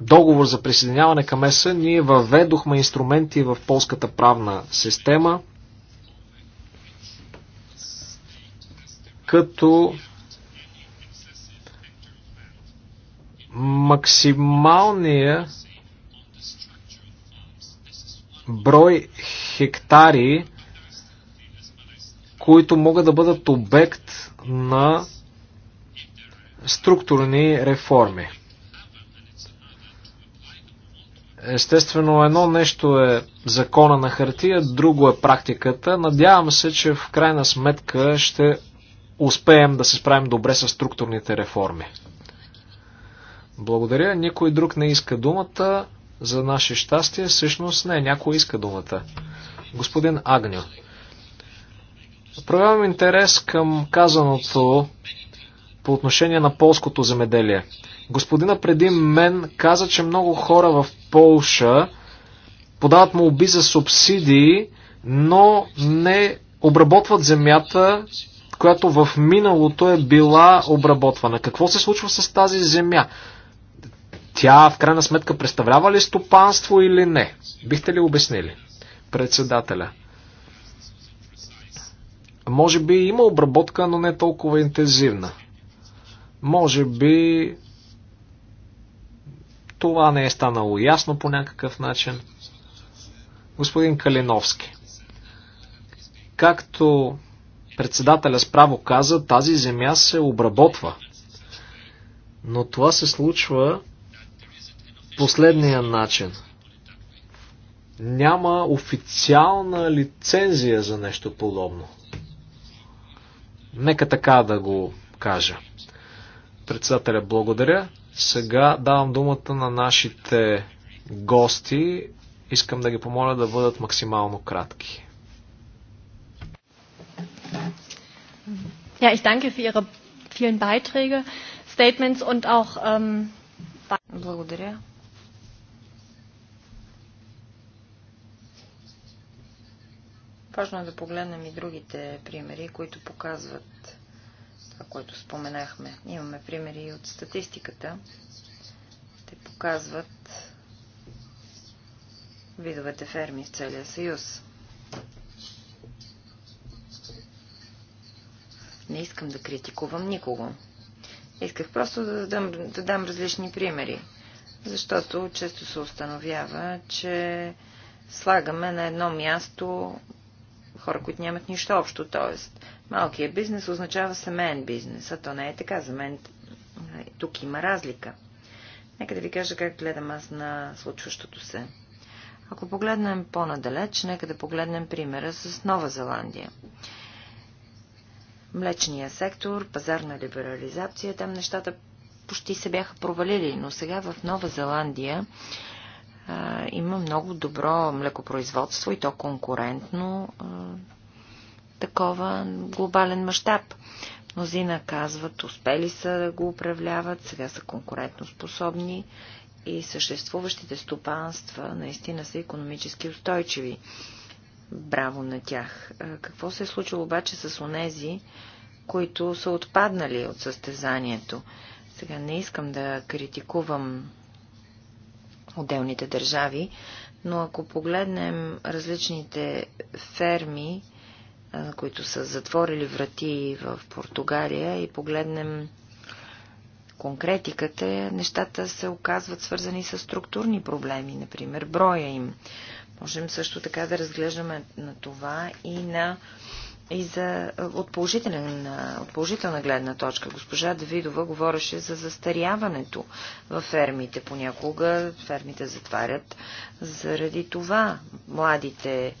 договор за присъединяване към ЕС, ние въведохме инструменти в полската правна система, като максималния брой хектари, които могат да бъдат обект на структурни реформи. Естествено, едно нещо е закона на хартия, друго е практиката. Надявам се, че в крайна сметка ще успеем да се справим добре с структурните реформи. Благодаря. Никой друг не иска думата. За наше щастие, всъщност не, някой иска думата. Господин Агню. Проявявам интерес към казаното по отношение на полското земеделие. Господина преди мен каза, че много хора в Полша подават молби за субсидии, но не обработват земята, която в миналото е била обработвана. Какво се случва с тази земя? Тя в крайна сметка представлява ли стопанство или не? Бихте ли обяснили? Председателя. Може би има обработка, но не толкова интензивна. Може би това не е станало ясно по някакъв начин. Господин Калиновски, както председателя справо каза, тази земя се обработва. Но това се случва последния начин. Няма официална лицензия за нещо подобно. Нека така да го кажа. Председателя, благодаря. Сега давам думата на нашите гости. Искам да ги помоля да бъдат максимално кратки. Ja, ich danke für Ihre vielen Beiträge, Statements und auch. Ähm, Благодаря. Важно е да погледнем и другите примери, които показват което споменахме. Имаме примери и от статистиката. Те показват видовете ферми в целия съюз. Не искам да критикувам никого. Исках просто да дам, да дам различни примери, защото често се установява, че слагаме на едно място хора, които нямат нищо общо. Тоест, Малкият бизнес означава семейен бизнес, а то не е така. За мен нали, тук има разлика. Нека да ви кажа как гледам аз на случващото се. Ако погледнем по-надалеч, нека да погледнем примера с Нова Зеландия. Млечния сектор, пазарна либерализация, там нещата почти се бяха провалили, но сега в Нова Зеландия а, има много добро млекопроизводство и то конкурентно. А, такова глобален мащаб. Мнозина казват, успели са да го управляват, сега са конкурентоспособни и съществуващите стопанства наистина са економически устойчиви. Браво на тях! Какво се е случило обаче с онези, които са отпаднали от състезанието? Сега не искам да критикувам отделните държави, но ако погледнем различните ферми които са затворили врати в Португалия и погледнем конкретиката, нещата се оказват свързани с структурни проблеми, например броя им. Можем също така да разглеждаме на това и на и за, от, положителна, от положителна гледна точка. Госпожа Давидова говореше за застаряването в фермите. Понякога фермите затварят заради това. Младите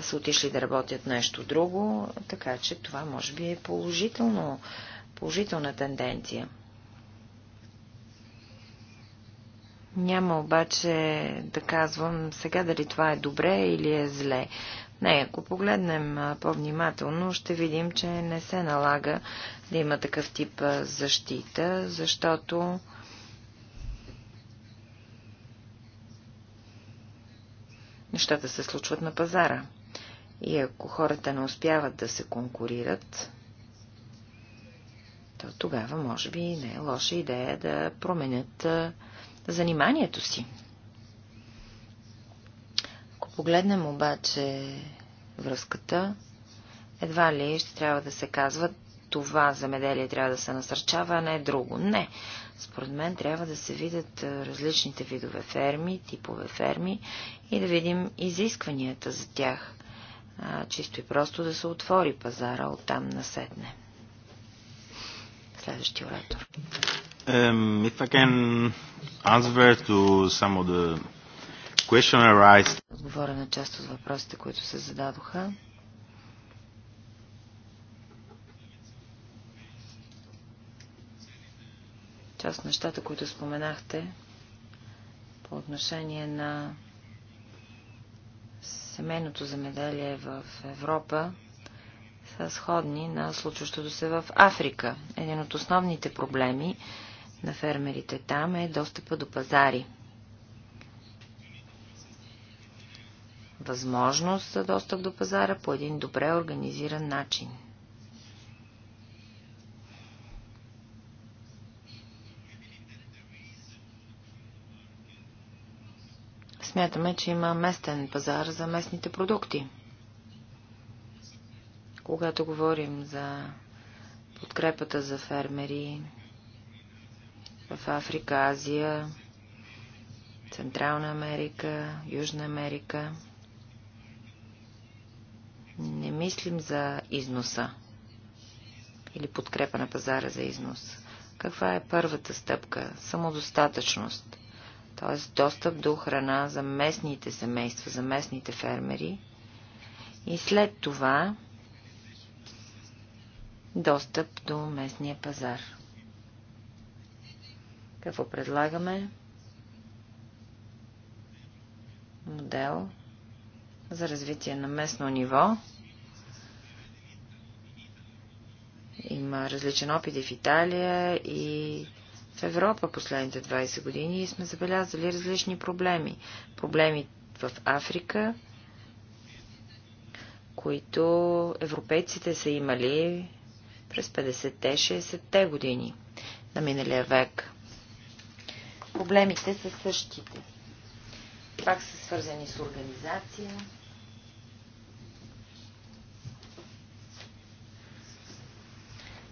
са отишли да работят нещо друго, така че това може би е положително, положителна тенденция. Няма обаче да казвам сега дали това е добре или е зле. Не, ако погледнем по-внимателно, ще видим, че не се налага да има такъв тип защита, защото Нещата се случват на пазара. И ако хората не успяват да се конкурират, то тогава може би не е лоша идея да променят заниманието си. Ако погледнем обаче връзката, едва ли ще трябва да се казва това замеделие трябва да се насърчава, а не друго. Не. Според мен трябва да се видят различните видове ферми, типове ферми и да видим изискванията за тях. А, чисто и просто да се отвори пазара от там насетне. Следващия оратор. Um, if I can answer to some of the question arise... Отговоря на част от въпросите, които се зададоха. Част от нещата, които споменахте по отношение на семейното земеделие в Европа, са сходни на случващото се в Африка. Един от основните проблеми на фермерите там е достъпа до пазари. Възможност за достъп до пазара по един добре организиран начин – смятаме, че има местен пазар за местните продукти. Когато говорим за подкрепата за фермери в Африка, Азия, Централна Америка, Южна Америка, не мислим за износа или подкрепа на пазара за износ. Каква е първата стъпка? Самодостатъчност т.е. достъп до храна за местните семейства, за местните фермери и след това достъп до местния пазар. Какво предлагаме? Модел за развитие на местно ниво. Има различен опит и в Италия и в Европа последните 20 години сме забелязали различни проблеми. Проблеми в Африка, които европейците са имали през 50-те, 60-те години на миналия век. Проблемите са същите. Пак са свързани с организация.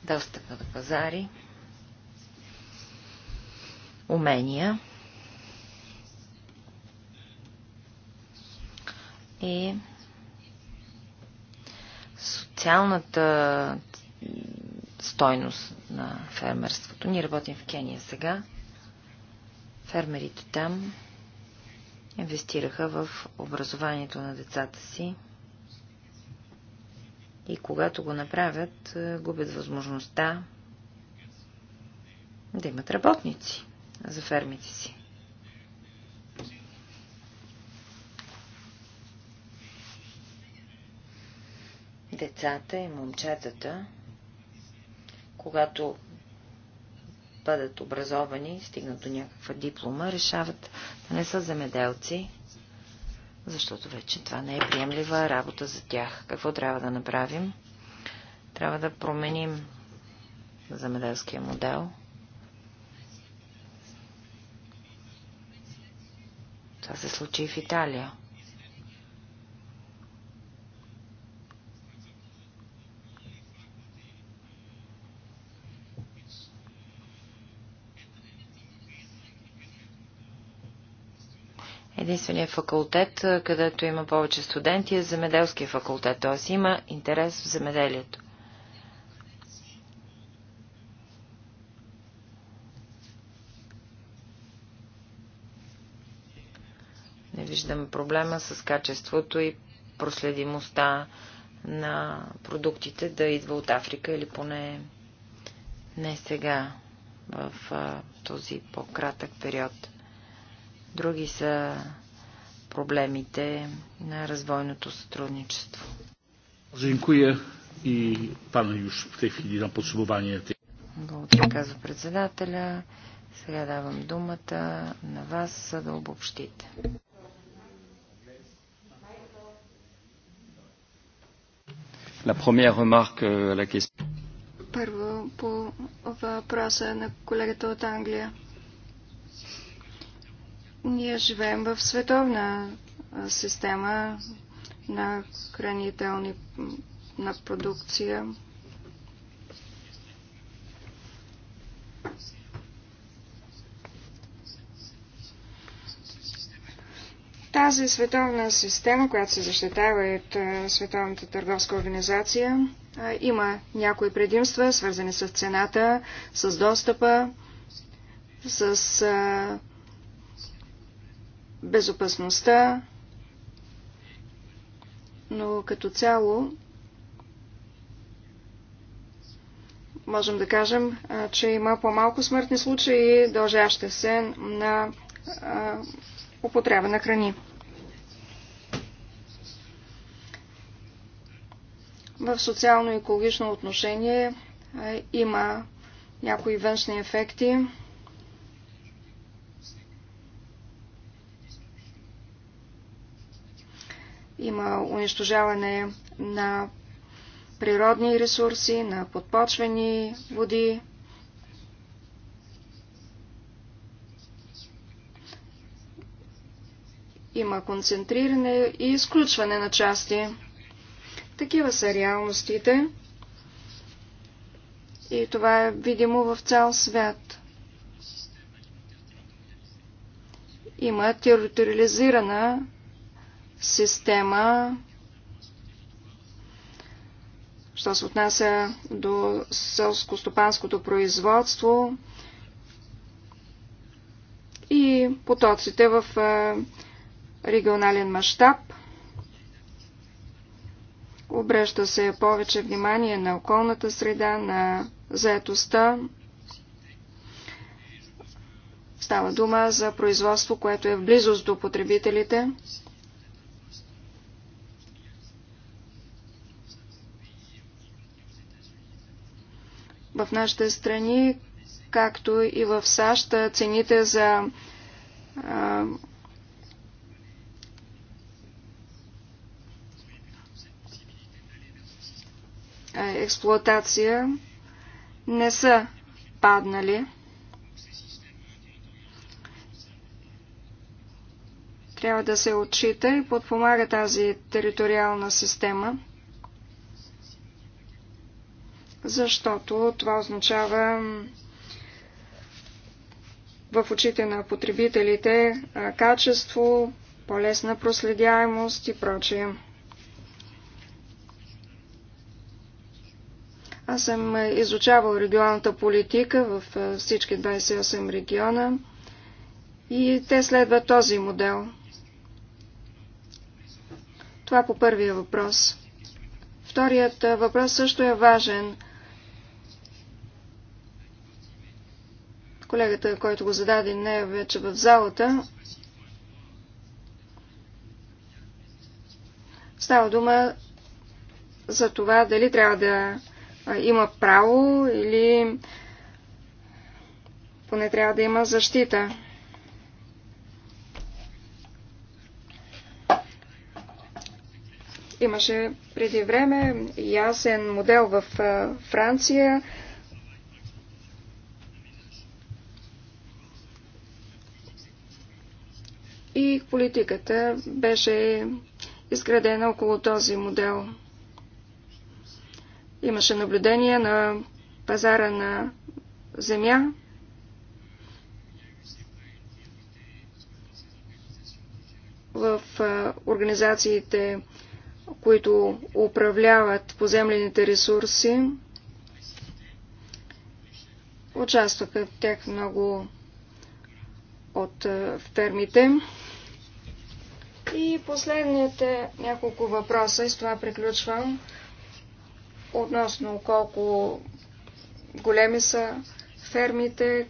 Достъп на пазари умения и социалната стойност на фермерството. Ние работим в Кения сега. Фермерите там инвестираха в образованието на децата си и когато го направят, губят възможността да имат работници за фермите си. Децата и момчетата, когато бъдат образовани, стигнат до някаква диплома, решават да не са земеделци, защото вече това не е приемлива работа за тях. Какво трябва да направим? Трябва да променим земеделския модел – Това се случи и в Италия. Единственият факултет, където има повече студенти е земеделския факултет, т.е. има интерес в земеделието. виждаме проблема с качеството и проследимостта на продуктите да идва от Африка или поне не сега, в а, този по-кратък период. Други са проблемите на развойното сътрудничество. Зинкуя и пана Юш в тези хиляди на podsumowanie. Благодаря, казва председателя. Сега давам думата на вас, за да обобщите. La première remarque euh, à la question. Първо по въпроса на колегата от Англия. Ние живеем в световна система на хранителни на продукция. Тази световна система, която се защитава от е, Световната търговска организация, има някои предимства, свързани с цената, с достъпа, с безопасността, но като цяло можем да кажем, че има по-малко смъртни случаи, дължащи се на употреба на храни. В социално-екологично отношение е, има някои външни ефекти. Има унищожаване на природни ресурси, на подпочвени води, Има концентриране и изключване на части. Такива са реалностите. И това е видимо в цял свят. Има териториализирана система, що се отнася до селско-стопанското производство и потоците в регионален мащаб. Обръща се повече внимание на околната среда, на заетостта. Става дума за производство, което е в близост до потребителите. В нашите страни, както и в САЩ, цените за експлуатация не са паднали. Трябва да се отчита и подпомага тази териториална система, защото това означава в очите на потребителите качество, по-лесна проследяемост и прочее. Аз съм изучавал регионалната политика в всички 28 региона и те следват този модел. Това по първия въпрос. Вторият въпрос също е важен. Колегата, който го зададе, не е вече в залата. Става дума за това дали трябва да има право или поне трябва да има защита. Имаше преди време ясен модел в Франция. И политиката беше изградена около този модел. Имаше наблюдение на пазара на земя. В организациите, които управляват поземлените ресурси, участваха в тях много от фермите. И последните няколко въпроса, и с това приключвам относно колко големи са фермите,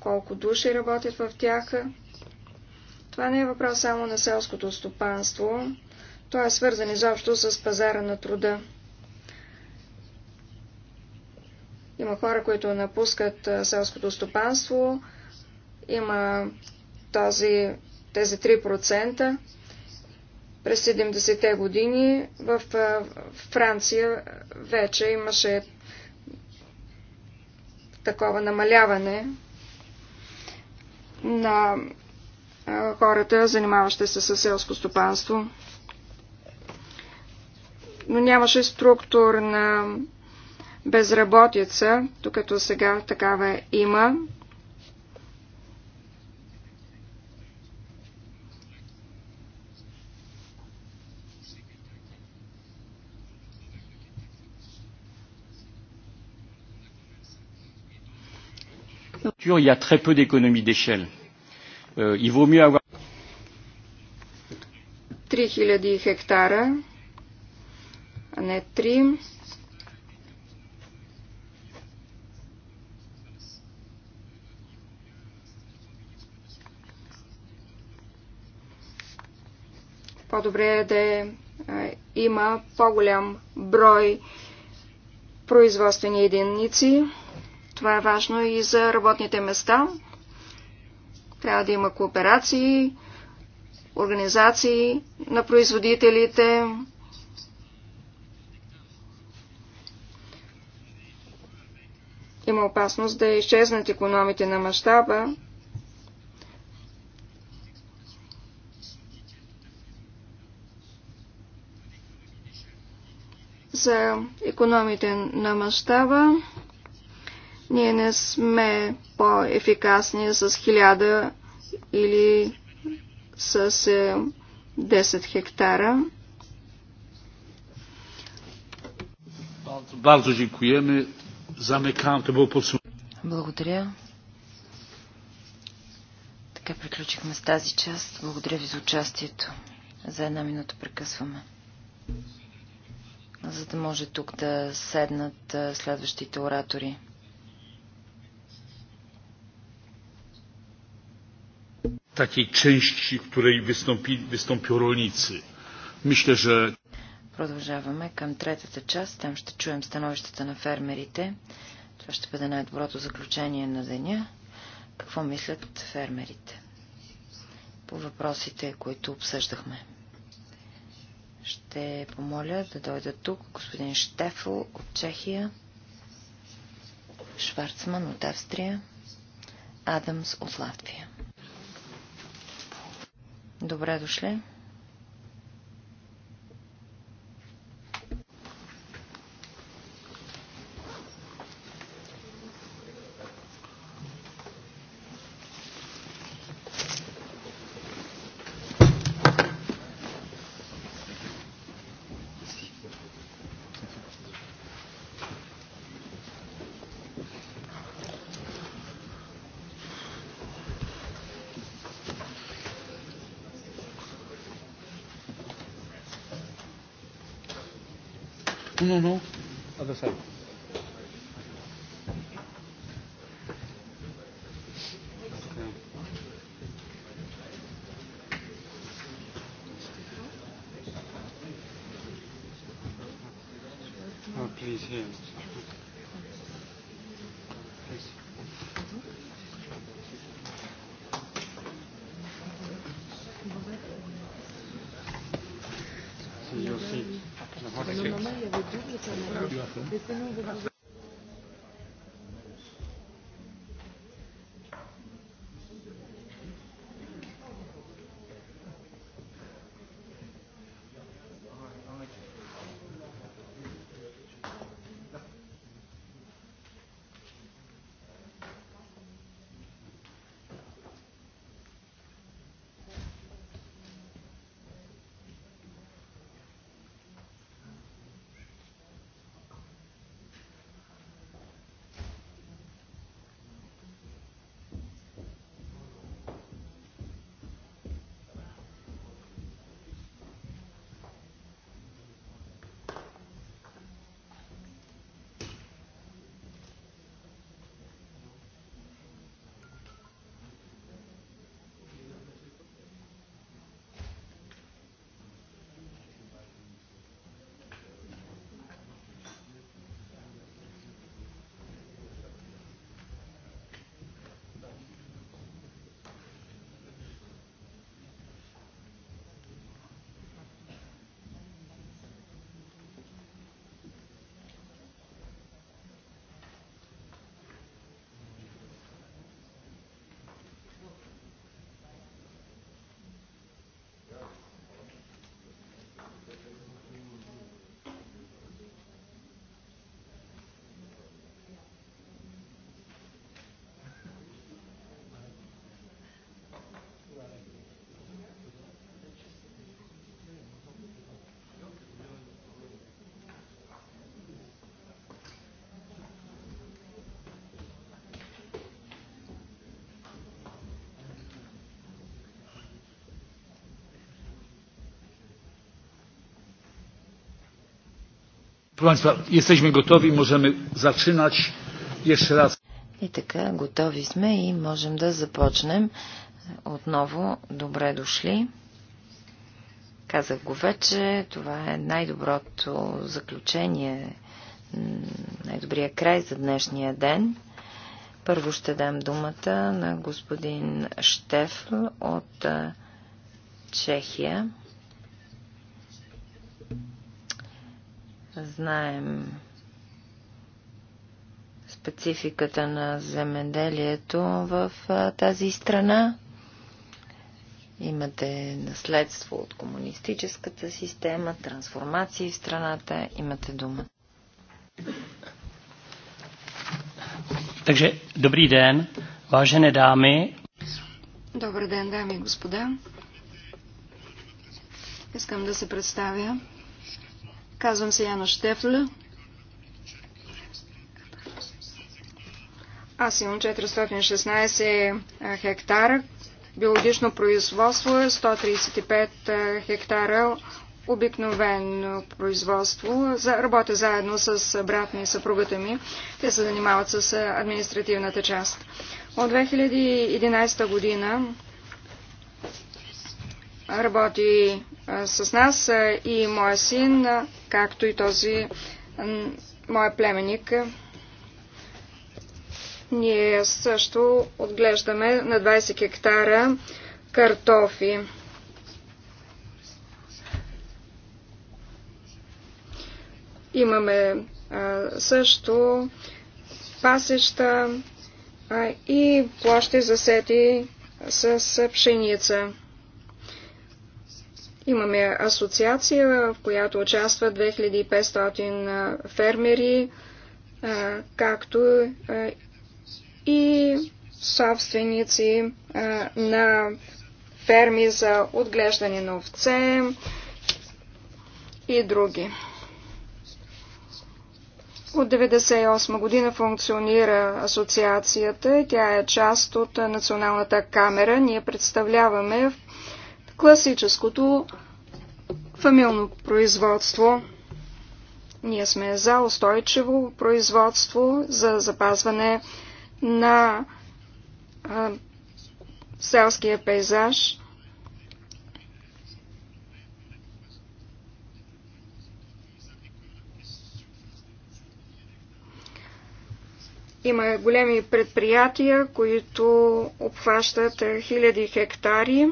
колко души работят в тях. Това не е въпрос само на селското стопанство, То е свързан изобщо с пазара на труда. Има хора, които напускат селското стопанство, има тази, тези 3%, през 70-те години в Франция вече имаше такова намаляване на хората, занимаващи се със селско стопанство. Но нямаше структурна безработица, докато сега такава има. structure, il y a très peu d'économies d'échelle. Euh, il vaut mieux avoir 3000 hectares, а не 3. По-добре е да има по-голям брой производствени единици. Това е важно и за работните места. Трябва да има кооперации, организации на производителите. Има опасност да изчезнат економите на мащаба. За економите на мащаба ние не сме по-ефикасни с хиляда или с 10 е, хектара. Благодаря. Така приключихме с тази част. Благодаря ви за участието. За една минута прекъсваме. За да може тук да седнат следващите оратори. takiej części, w której wystąpi, wystąpią rolnicy. Myślę, że... Продължаваме към третата част. Там ще чуем становищата на фермерите. Това ще бъде най-доброто заключение на деня. Какво мислят фермерите по въпросите, които обсъждахме? Ще помоля да дойда тук господин Штефо от Чехия, Шварцман от Австрия, Адамс от Латвия. Добре дошли. no, no. Other side. Państwa, jesteśmy gotowi, możemy zaczynać. Jeszcze raz. И така, готови сме и можем да започнем. Отново, добре дошли. Казах го вече, това е най-доброто заключение, най-добрия край за днешния ден. Първо ще дам думата на господин Штефл от Чехия. знаем спецификата на земеделието в тази страна. Имате наследство от комунистическата система, трансформации в страната. Имате дума. Takže dobrý den, vážené dámy. Добър ден, дами и господа. Искам да се представя. Казвам се Яна Штефля. Аз имам 416 хектара, биологично производство, 135 е хектара обикновено производство. Работя заедно с брат ми и съпругата ми. Те се занимават с административната част. От 2011 година работи с нас и моя син както и този моя племеник. Ние също отглеждаме на 20 хектара картофи. Имаме също пасеща и площи засети с пшеница. Имаме асоциация, в която участват 2500 фермери, както и собственици на ферми за отглеждане на овце и други. От 1998 година функционира асоциацията. Тя е част от Националната камера. Ние представляваме класическото фамилно производство. Ние сме за устойчиво производство, за запазване на а, селския пейзаж. Има големи предприятия, които обхващат хиляди хектари.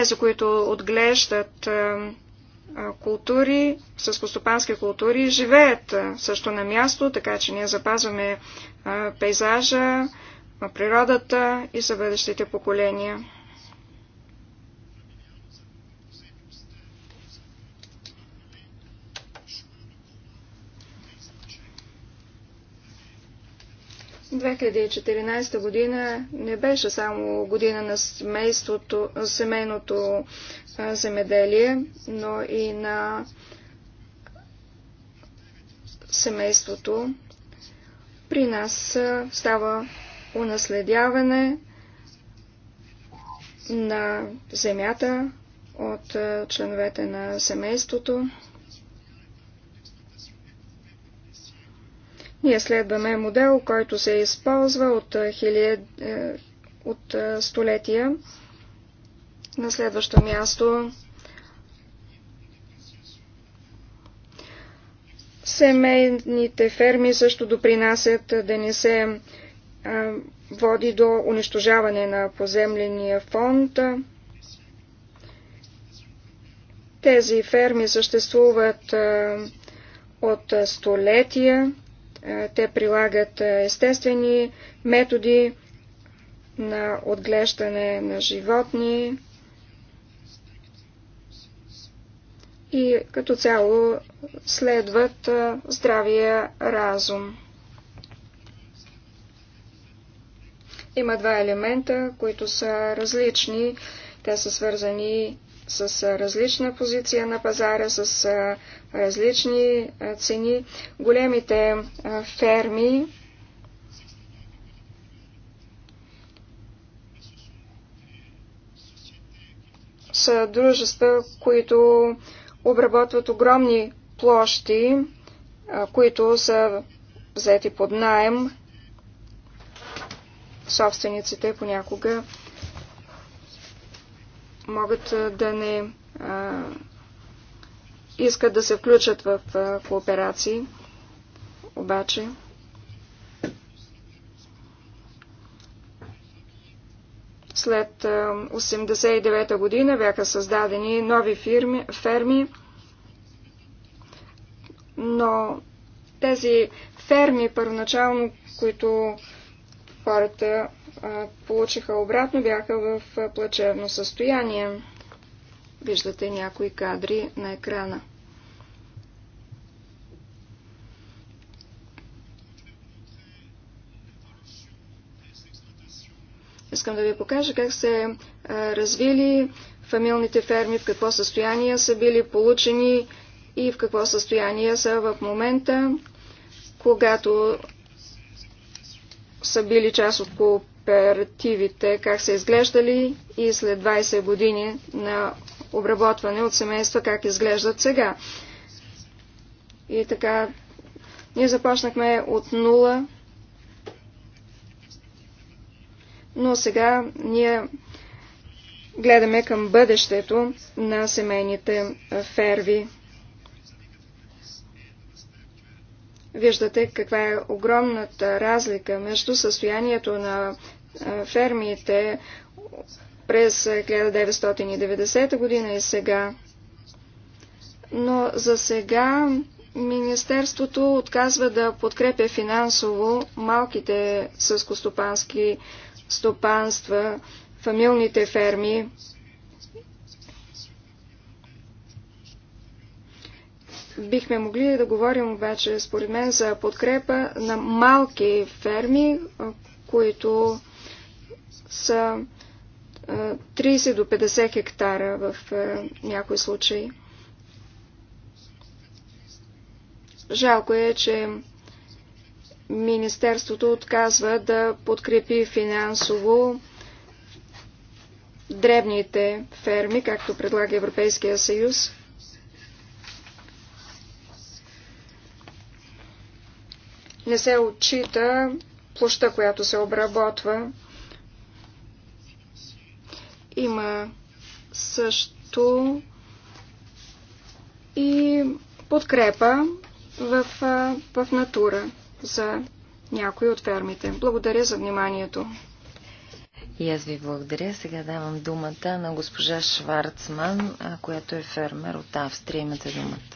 Тези, които отглеждат е, е, култури, съскостопански култури, живеят е, също на място, така че ние запазваме пейзажа, природата и за бъдещите поколения. 2014 година не беше само година на семейството, семейното земеделие, но и на семейството. При нас става унаследяване на земята от членовете на семейството. Ние следваме модел, който се използва от, е, хилиед, е, от е, столетия. На следващо място семейните ферми също допринасят да не се води до унищожаване на поземления фонд. Тези ферми съществуват от столетия. Е, те прилагат е, естествени методи на отглеждане на животни и като цяло следват е, здравия разум. Има два елемента, които са различни. Те са свързани с различна позиция на пазара, с различни цени. Големите ферми са дружества, които обработват огромни площи, които са взети под найем. Собствениците понякога могат да не искат да се включат в кооперации, обаче след 1989 година бяха създадени нови фирми, ферми, но тези ферми първоначално, които хората получиха обратно, бяха в плачевно състояние. Виждате някои кадри на екрана. Искам да ви покажа как се развили фамилните ферми, в какво състояние са били получени и в какво състояние са в момента, когато са били част от кооперативите, как са изглеждали и след 20 години на обработване от семейства, как изглеждат сега. И така, ние започнахме от нула, но сега ние гледаме към бъдещето на семейните ферви. Виждате каква е огромната разлика между състоянието на фермите през 1990 година и сега. Но за сега Министерството отказва да подкрепя финансово малките съскостопански стопанства, фамилните ферми. Бихме могли да говорим обаче, според мен, за подкрепа на малки ферми, които са 30 до 50 хектара в някои случаи. Жалко е, че Министерството отказва да подкрепи финансово дребните ферми, както предлага Европейския съюз. не се отчита площа, която се обработва. Има също и подкрепа в, в натура за някои от фермите. Благодаря за вниманието. И аз ви благодаря. Сега давам думата на госпожа Шварцман, която е фермер от Австрия. Имате думата.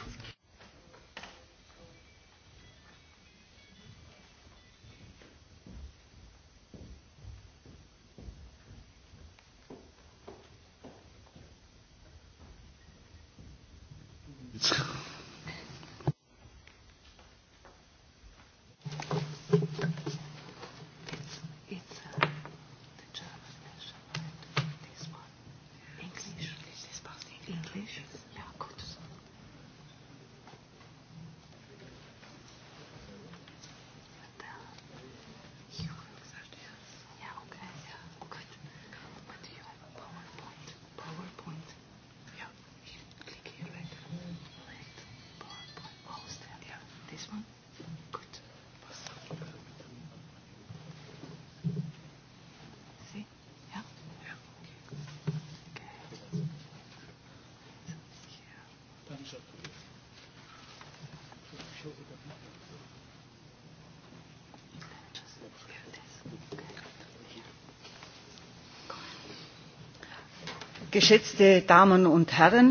geschätzte Damen und Herren,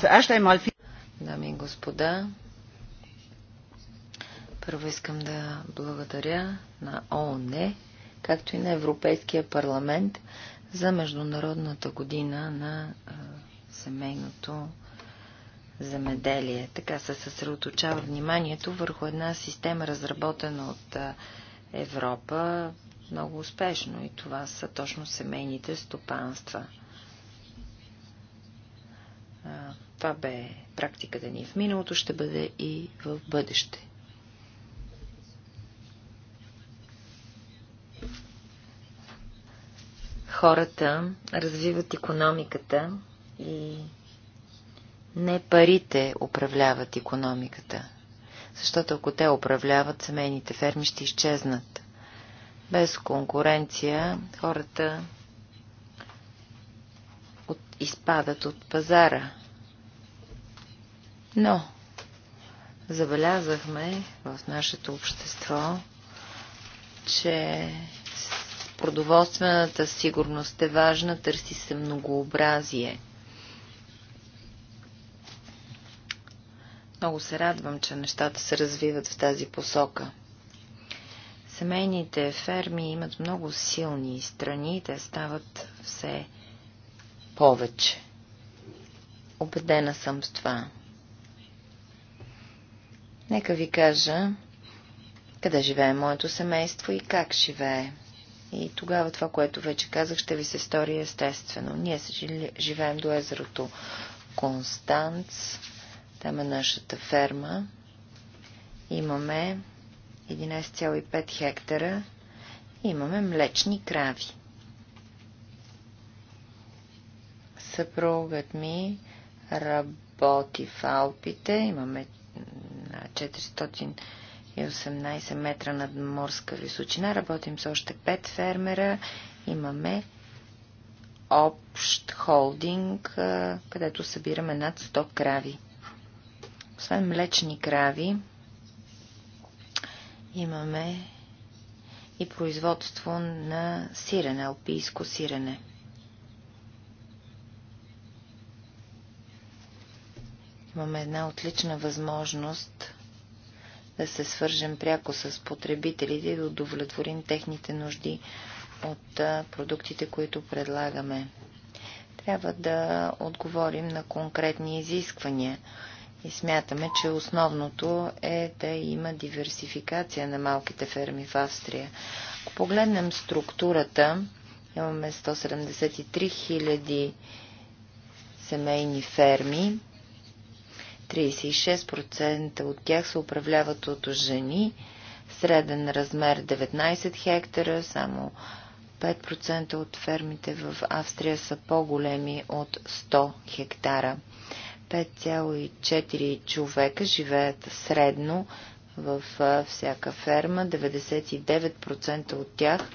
zuerst einmal... Дами и господа, първо искам да благодаря на ООН, както и на Европейския парламент за Международната година на семейното земеделие. Така се съсредоточава вниманието върху една система, разработена от Европа много успешно и това са точно семейните стопанства. Това бе практиката ни в миналото, ще бъде и в бъдеще. Хората развиват економиката и не парите управляват економиката, защото ако те управляват, семейните ферми ще изчезнат. Без конкуренция хората от, изпадат от пазара. Но забелязахме в нашето общество, че продоволствената сигурност е важна, търси се многообразие. Много се радвам, че нещата се развиват в тази посока. Семейните ферми имат много силни страни, те стават все повече. Обедена съм с това. Нека ви кажа къде живее моето семейство и как живее. И тогава това, което вече казах, ще ви се стори естествено. Ние живеем до езерото Констанц. Там е нашата ферма. Имаме 11,5 хектара. имаме млечни крави. Съпругът ми работи в Алпите. Имаме 418 метра над морска височина. Работим с още 5 фермера. Имаме общ холдинг, където събираме над 100 крави. Освен млечни крави, имаме и производство на сирене, алпийско сирене. Имаме една отлична възможност да се свържем пряко с потребителите и да удовлетворим техните нужди от продуктите, които предлагаме. Трябва да отговорим на конкретни изисквания и смятаме, че основното е да има диверсификация на малките ферми в Австрия. Ако погледнем структурата, имаме 173 000 семейни ферми, 36% от тях се управляват от жени, среден размер 19 хектара, само 5% от фермите в Австрия са по-големи от 100 хектара. 5,4 човека живеят средно в всяка ферма, 99% от тях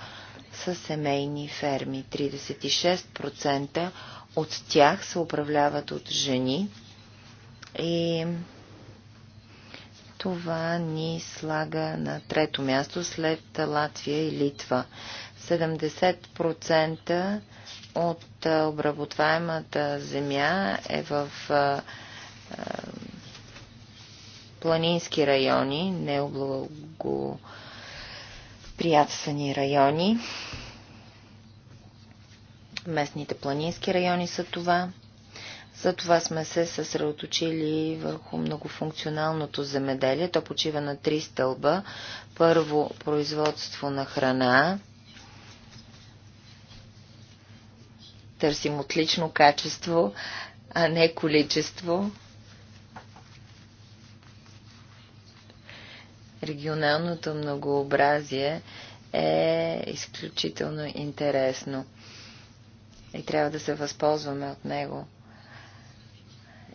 са семейни ферми, 36% от тях се управляват от жени, и това ни слага на трето място след Латвия и Литва. 70% от обработваемата земя е в планински райони, необлагоприятствени райони. Местните планински райони са това. Затова сме се съсредоточили върху многофункционалното земеделие. То почива на три стълба. Първо, производство на храна. Търсим отлично качество, а не количество. Регионалното многообразие е изключително интересно и трябва да се възползваме от него.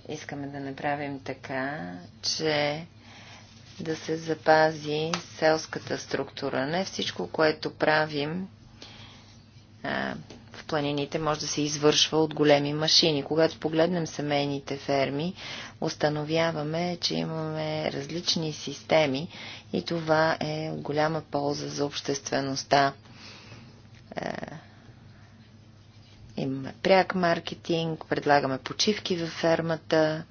Искаме да направим така, че да се запази селската структура. Не всичко, което правим а, в планините, може да се извършва от големи машини. Когато погледнем семейните ферми, установяваме, че имаме различни системи и това е голяма полза за обществеността. А, е, Имаме пряк маркетинг, предлагаме почивки във фермата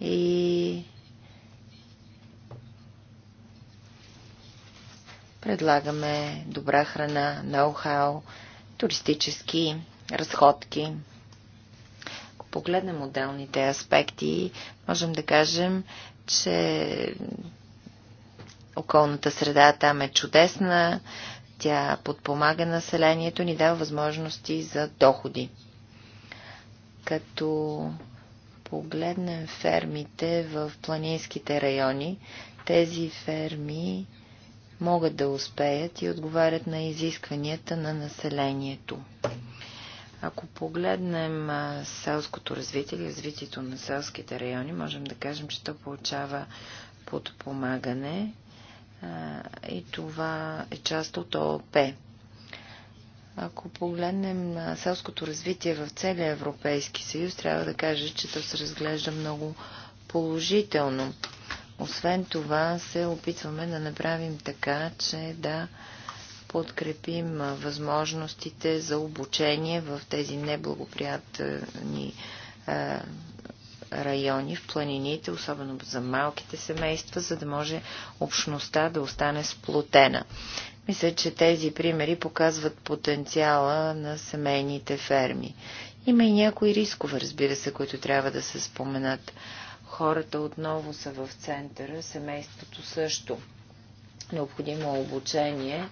и предлагаме добра храна, ноу-хау, туристически разходки. Ако погледнем отделните аспекти, можем да кажем, че околната среда там е чудесна, тя подпомага населението, ни дава възможности за доходи. Като погледнем фермите в планинските райони, тези ферми могат да успеят и отговарят на изискванията на населението. Ако погледнем селското развитие или развитието на селските райони, можем да кажем, че то получава подпомагане и това е част от ООП. Ако погледнем на селското развитие в целия Европейски съюз, трябва да кажа, че то се разглежда много положително. Освен това, се опитваме да направим така, че да подкрепим възможностите за обучение в тези неблагоприятни райони в планините, особено за малките семейства, за да може общността да остане сплотена. Мисля, че тези примери показват потенциала на семейните ферми. Има и някои рискове, разбира се, които трябва да се споменат. Хората отново са в центъра, семейството също. Необходимо е обучение,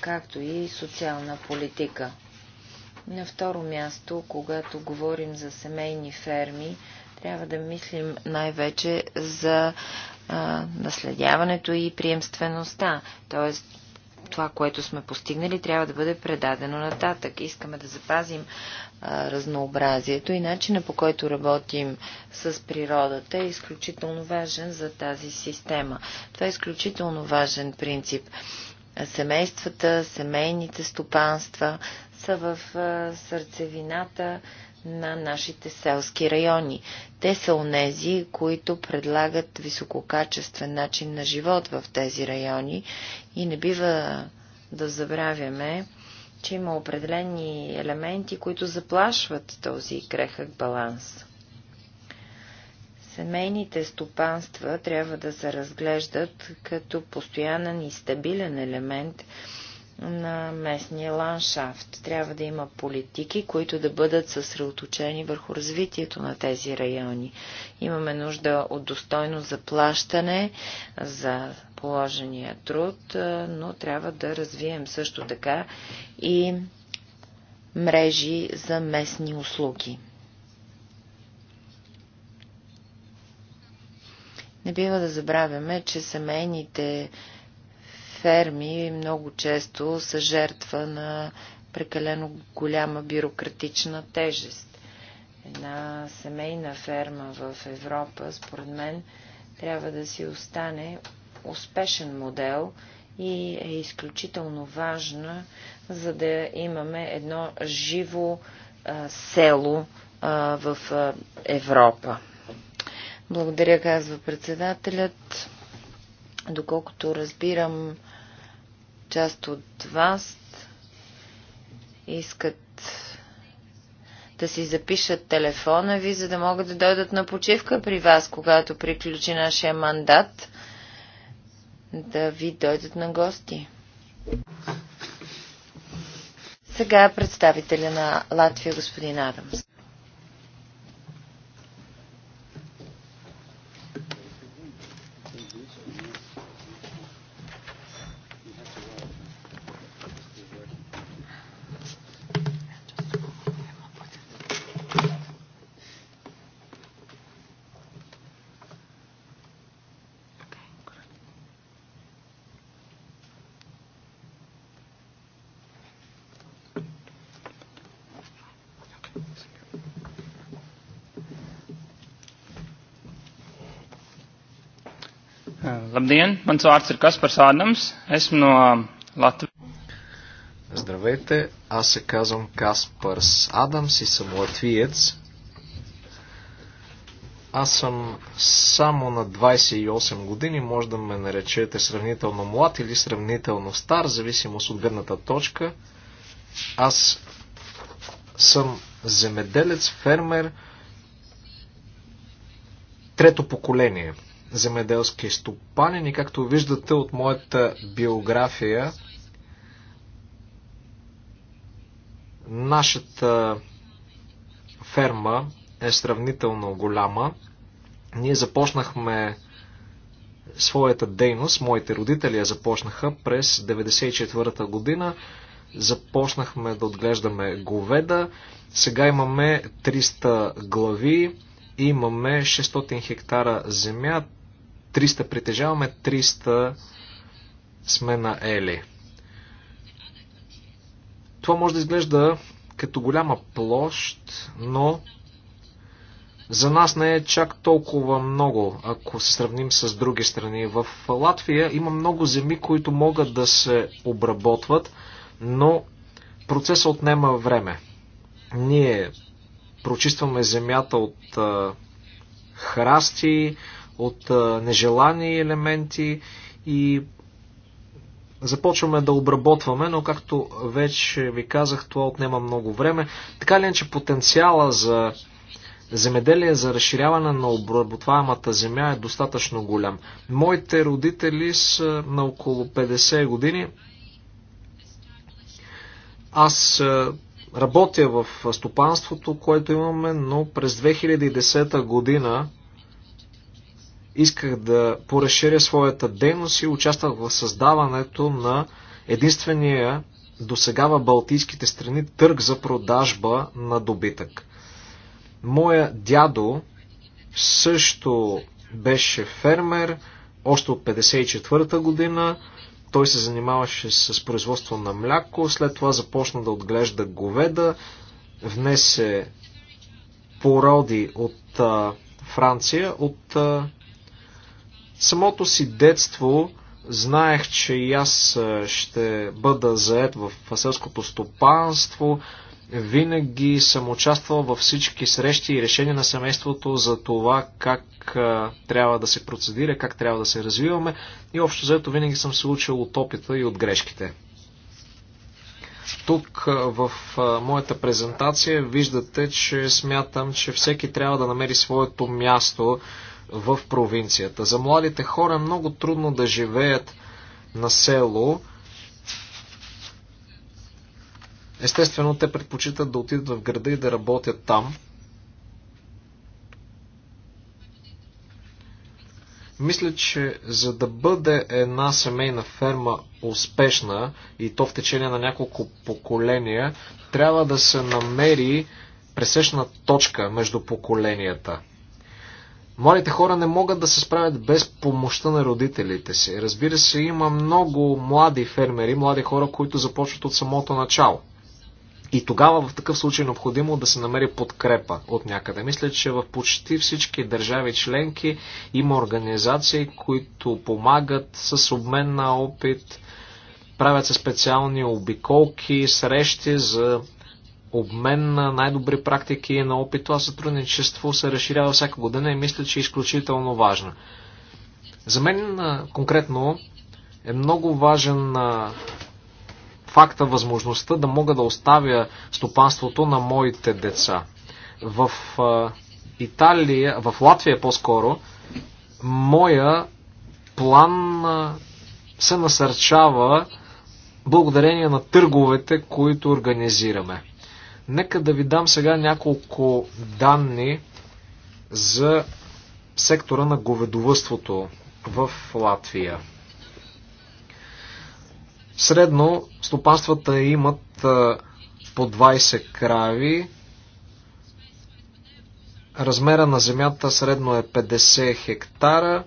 както и социална политика. На второ място, когато говорим за семейни ферми, трябва да мислим най-вече за а, наследяването и приемствеността. Тоест, това, което сме постигнали, трябва да бъде предадено нататък. Искаме да запазим а, разнообразието и начина по който работим с природата е изключително важен за тази система. Това е изключително важен принцип семействата, семейните стопанства са в сърцевината на нашите селски райони. Те са онези, които предлагат висококачествен начин на живот в тези райони и не бива да забравяме, че има определени елементи, които заплашват този крехък баланс. Семейните стопанства трябва да се разглеждат като постоянен и стабилен елемент – на местния ландшафт. Трябва да има политики, които да бъдат съсредоточени върху развитието на тези райони. Имаме нужда от достойно заплащане за положения труд, но трябва да развием също така и мрежи за местни услуги. Не бива да забравяме, че семейните ферми много често са жертва на прекалено голяма бюрократична тежест. Една семейна ферма в Европа, според мен, трябва да си остане успешен модел и е изключително важна, за да имаме едно живо а, село а, в а, Европа. Благодаря, казва председателят. Доколкото разбирам, Част от вас искат да си запишат телефона ви, за да могат да дойдат на почивка при вас, когато приключи нашия мандат, да ви дойдат на гости. Сега представителя на Латвия, господин Адамс. Labdien, mans vārds ir Kaspars Ādams, esmu no um, Latvijas. Здравейте, аз се казвам Каспърс Адамс и съм латвиец. Аз съм само на 28 години, може да ме наречете сравнително млад или сравнително стар, зависимост от гърната точка. Аз съм земеделец, фермер, трето поколение земеделски стопанин и както виждате от моята биография, нашата ферма е сравнително голяма. Ние започнахме своята дейност, моите родители я започнаха през 1994 година. Започнахме да отглеждаме говеда. Сега имаме 300 глави, имаме 600 хектара земя, 300 притежаваме, 300 сме на Ели. Това може да изглежда като голяма площ, но за нас не е чак толкова много, ако се сравним с други страни. В Латвия има много земи, които могат да се обработват, но процесът отнема време. Ние прочистваме земята от храсти, от нежелани елементи и започваме да обработваме, но както вече ви казах, това отнема много време. Така ли е, че потенциала за земеделие за разширяване на обработваемата земя е достатъчно голям. Моите родители са на около 50 години. Аз работя в стопанството, което имаме, но през 2010 година исках да поразширя своята дейност и участвах в създаването на единствения до сега в Балтийските страни търг за продажба на добитък. Моя дядо също беше фермер още от 54-та година. Той се занимаваше с производство на мляко, след това започна да отглежда говеда, внесе породи от а, Франция, от а, самото си детство знаех, че и аз ще бъда заед в селското стопанство. Винаги съм участвал във всички срещи и решения на семейството за това как трябва да се процедира, как трябва да се развиваме и общо заето винаги съм се учил от опита и от грешките. Тук в моята презентация виждате, че смятам, че всеки трябва да намери своето място в провинцията. За младите хора е много трудно да живеят на село. Естествено, те предпочитат да отидат в града и да работят там. Мисля, че за да бъде една семейна ферма успешна и то в течение на няколко поколения, трябва да се намери пресечна точка между поколенията – Младите хора не могат да се справят без помощта на родителите си. Разбира се, има много млади фермери, млади хора, които започват от самото начало. И тогава в такъв случай е необходимо да се намери подкрепа от някъде. Мисля, че в почти всички държави членки има организации, които помагат с обмен на опит, правят се специални обиколки, срещи за обмен на най-добри практики и на опит. Това сътрудничество се разширява всяка година и мисля, че е изключително важно. За мен конкретно е много важен факта, възможността да мога да оставя стопанството на моите деца. В Италия, в Латвия по-скоро, моя план се насърчава благодарение на търговете, които организираме. Нека да ви дам сега няколко данни за сектора на говедовътството в Латвия. Средно стопанствата имат по 20 крави. Размера на земята средно е 50 хектара.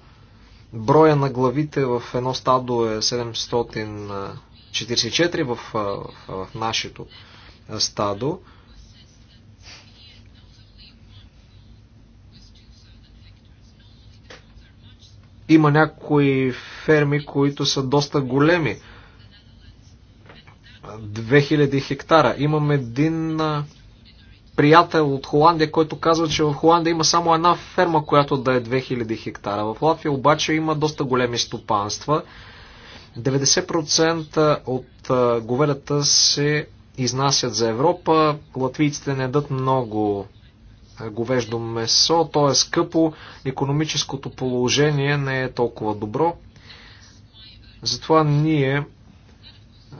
Броя на главите в едно стадо е 744 в, в, в нашето стадо. Има някои ферми, които са доста големи. 2000 хектара. Имам един приятел от Холандия, който казва, че в Холандия има само една ферма, която да е 2000 хектара. В Латвия обаче има доста големи стопанства. 90% от говедата се изнасят за Европа. Латвийците не дадат много говеждо месо, то е скъпо, економическото положение не е толкова добро. Затова ние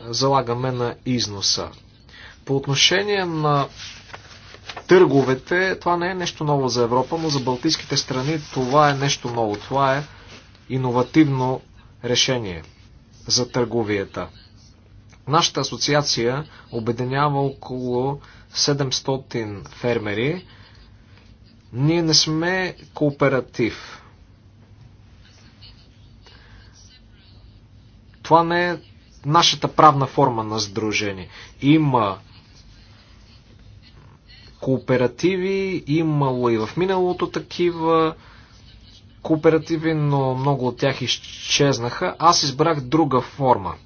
залагаме на износа. По отношение на търговете, това не е нещо ново за Европа, но за балтийските страни това е нещо ново. Това е иновативно решение за търговията. Нашата асоциация обединява около 700 фермери. Ние не сме кооператив. Това не е нашата правна форма на сдружение. Има кооперативи, имало и в миналото такива кооперативи, но много от тях изчезнаха. Аз избрах друга форма –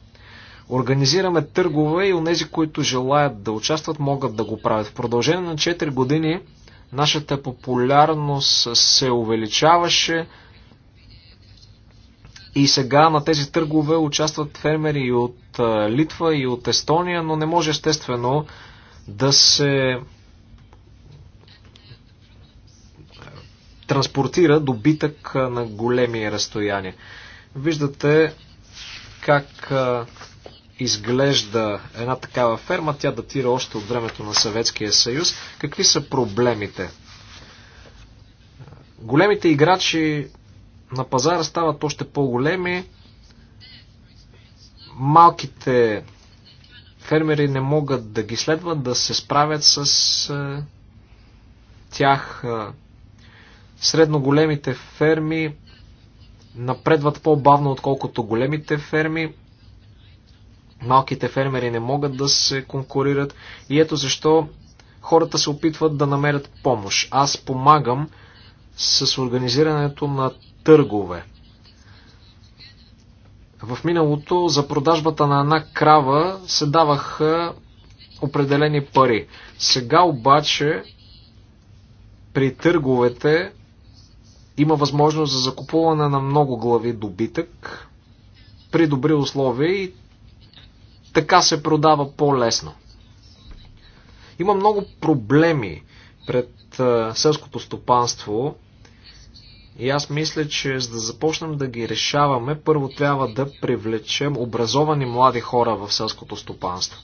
Организираме търгове и онези, които желаят да участват, могат да го правят. В продължение на 4 години нашата популярност се увеличаваше и сега на тези търгове участват фермери и от Литва, и от Естония, но не може естествено да се транспортира добитък на големи разстояния. Виждате как изглежда една такава ферма? Тя датира още от времето на Съветския съюз. Какви са проблемите? Големите играчи на пазара стават още по-големи. Малките фермери не могат да ги следват, да се справят с е, тях. Е, Средно големите ферми напредват по-бавно, отколкото големите ферми. Малките фермери не могат да се конкурират и ето защо хората се опитват да намерят помощ. Аз помагам с организирането на търгове. В миналото за продажбата на една крава се даваха определени пари. Сега обаче при търговете има възможност за закупуване на много глави добитък при добри условия и така се продава по-лесно. Има много проблеми пред селското стопанство и аз мисля, че за да започнем да ги решаваме, първо трябва да привлечем образовани млади хора в селското стопанство.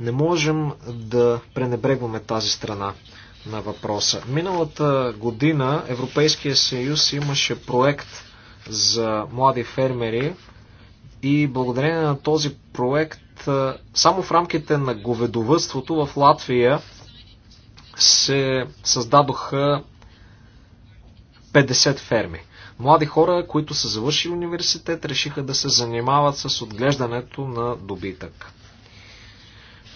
Не можем да пренебрегваме тази страна на въпроса. Миналата година Европейския съюз имаше проект за млади фермери, и благодарение на този проект, само в рамките на говедовътството в Латвия се създадоха 50 ферми. Млади хора, които са завършили университет, решиха да се занимават с отглеждането на добитък.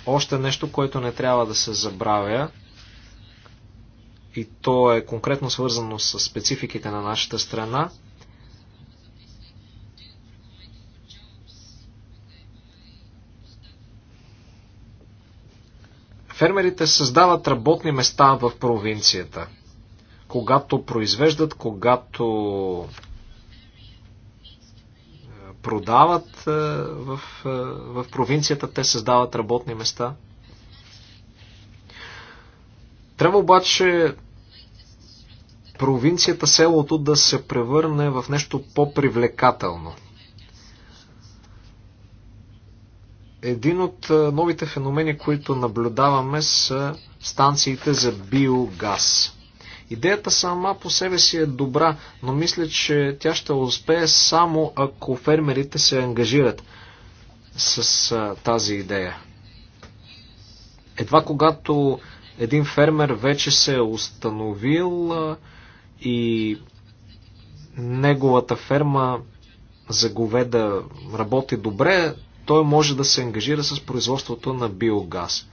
Още нещо, което не трябва да се забравя, и то е конкретно свързано с спецификите на нашата страна, Фермерите създават работни места в провинцията. Когато произвеждат, когато е, продават е, в, е, в провинцията, те създават работни места. Трябва обаче провинцията, селото да се превърне в нещо по-привлекателно Един от новите феномени, които наблюдаваме са станциите за биогаз. Идеята сама по себе си е добра, но мисля, че тя ще успее само ако фермерите се ангажират с а, тази идея. Едва когато един фермер вече се е установил а, и неговата ферма за говеда работи добре, той може да се ангажира с производството на биогаз.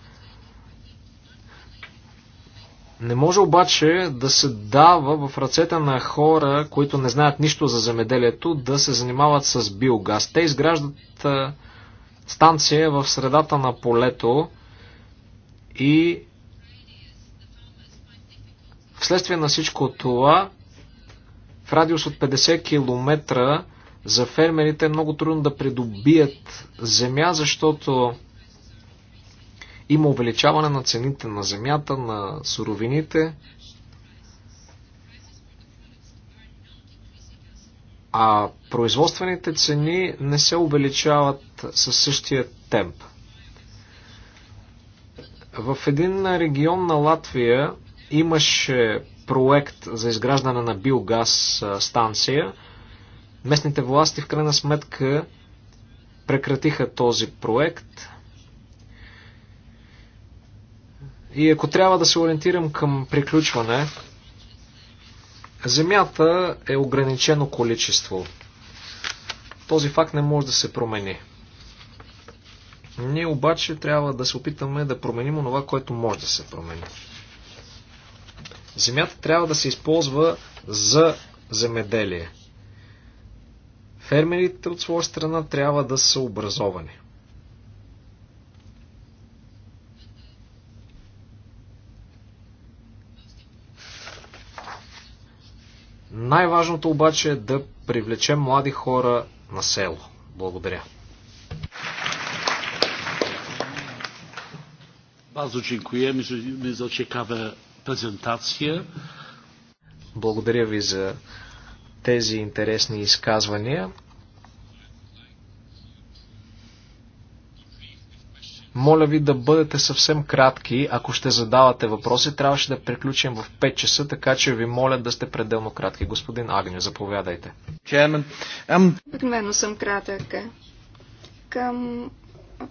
Не може обаче да се дава в ръцете на хора, които не знаят нищо за земеделието, да се занимават с биогаз. Те изграждат станция в средата на полето и вследствие на всичко това в радиус от 50 км за фермерите е много трудно да придобият земя, защото има увеличаване на цените на земята, на суровините. А производствените цени не се увеличават със същия темп. В един регион на Латвия имаше проект за изграждане на биогаз станция – Местните власти в крайна сметка прекратиха този проект. И ако трябва да се ориентирам към приключване, земята е ограничено количество. Този факт не може да се промени. Ние обаче трябва да се опитаме да променим онова, което може да се промени. Земята трябва да се използва за земеделие. Фермерите от своя страна трябва да са образовани. Най-важното обаче е да привлечем млади хора на село. Благодаря. Bardzo dziękujemy za ciekawe prezentacje. Благодаря ви за тези интересни изказвания. Моля ви да бъдете съвсем кратки. Ако ще задавате въпроси, трябваше да приключим в 5 часа, така че ви моля да сте пределно кратки. Господин Агню, заповядайте. Обикновено съм кратък. Към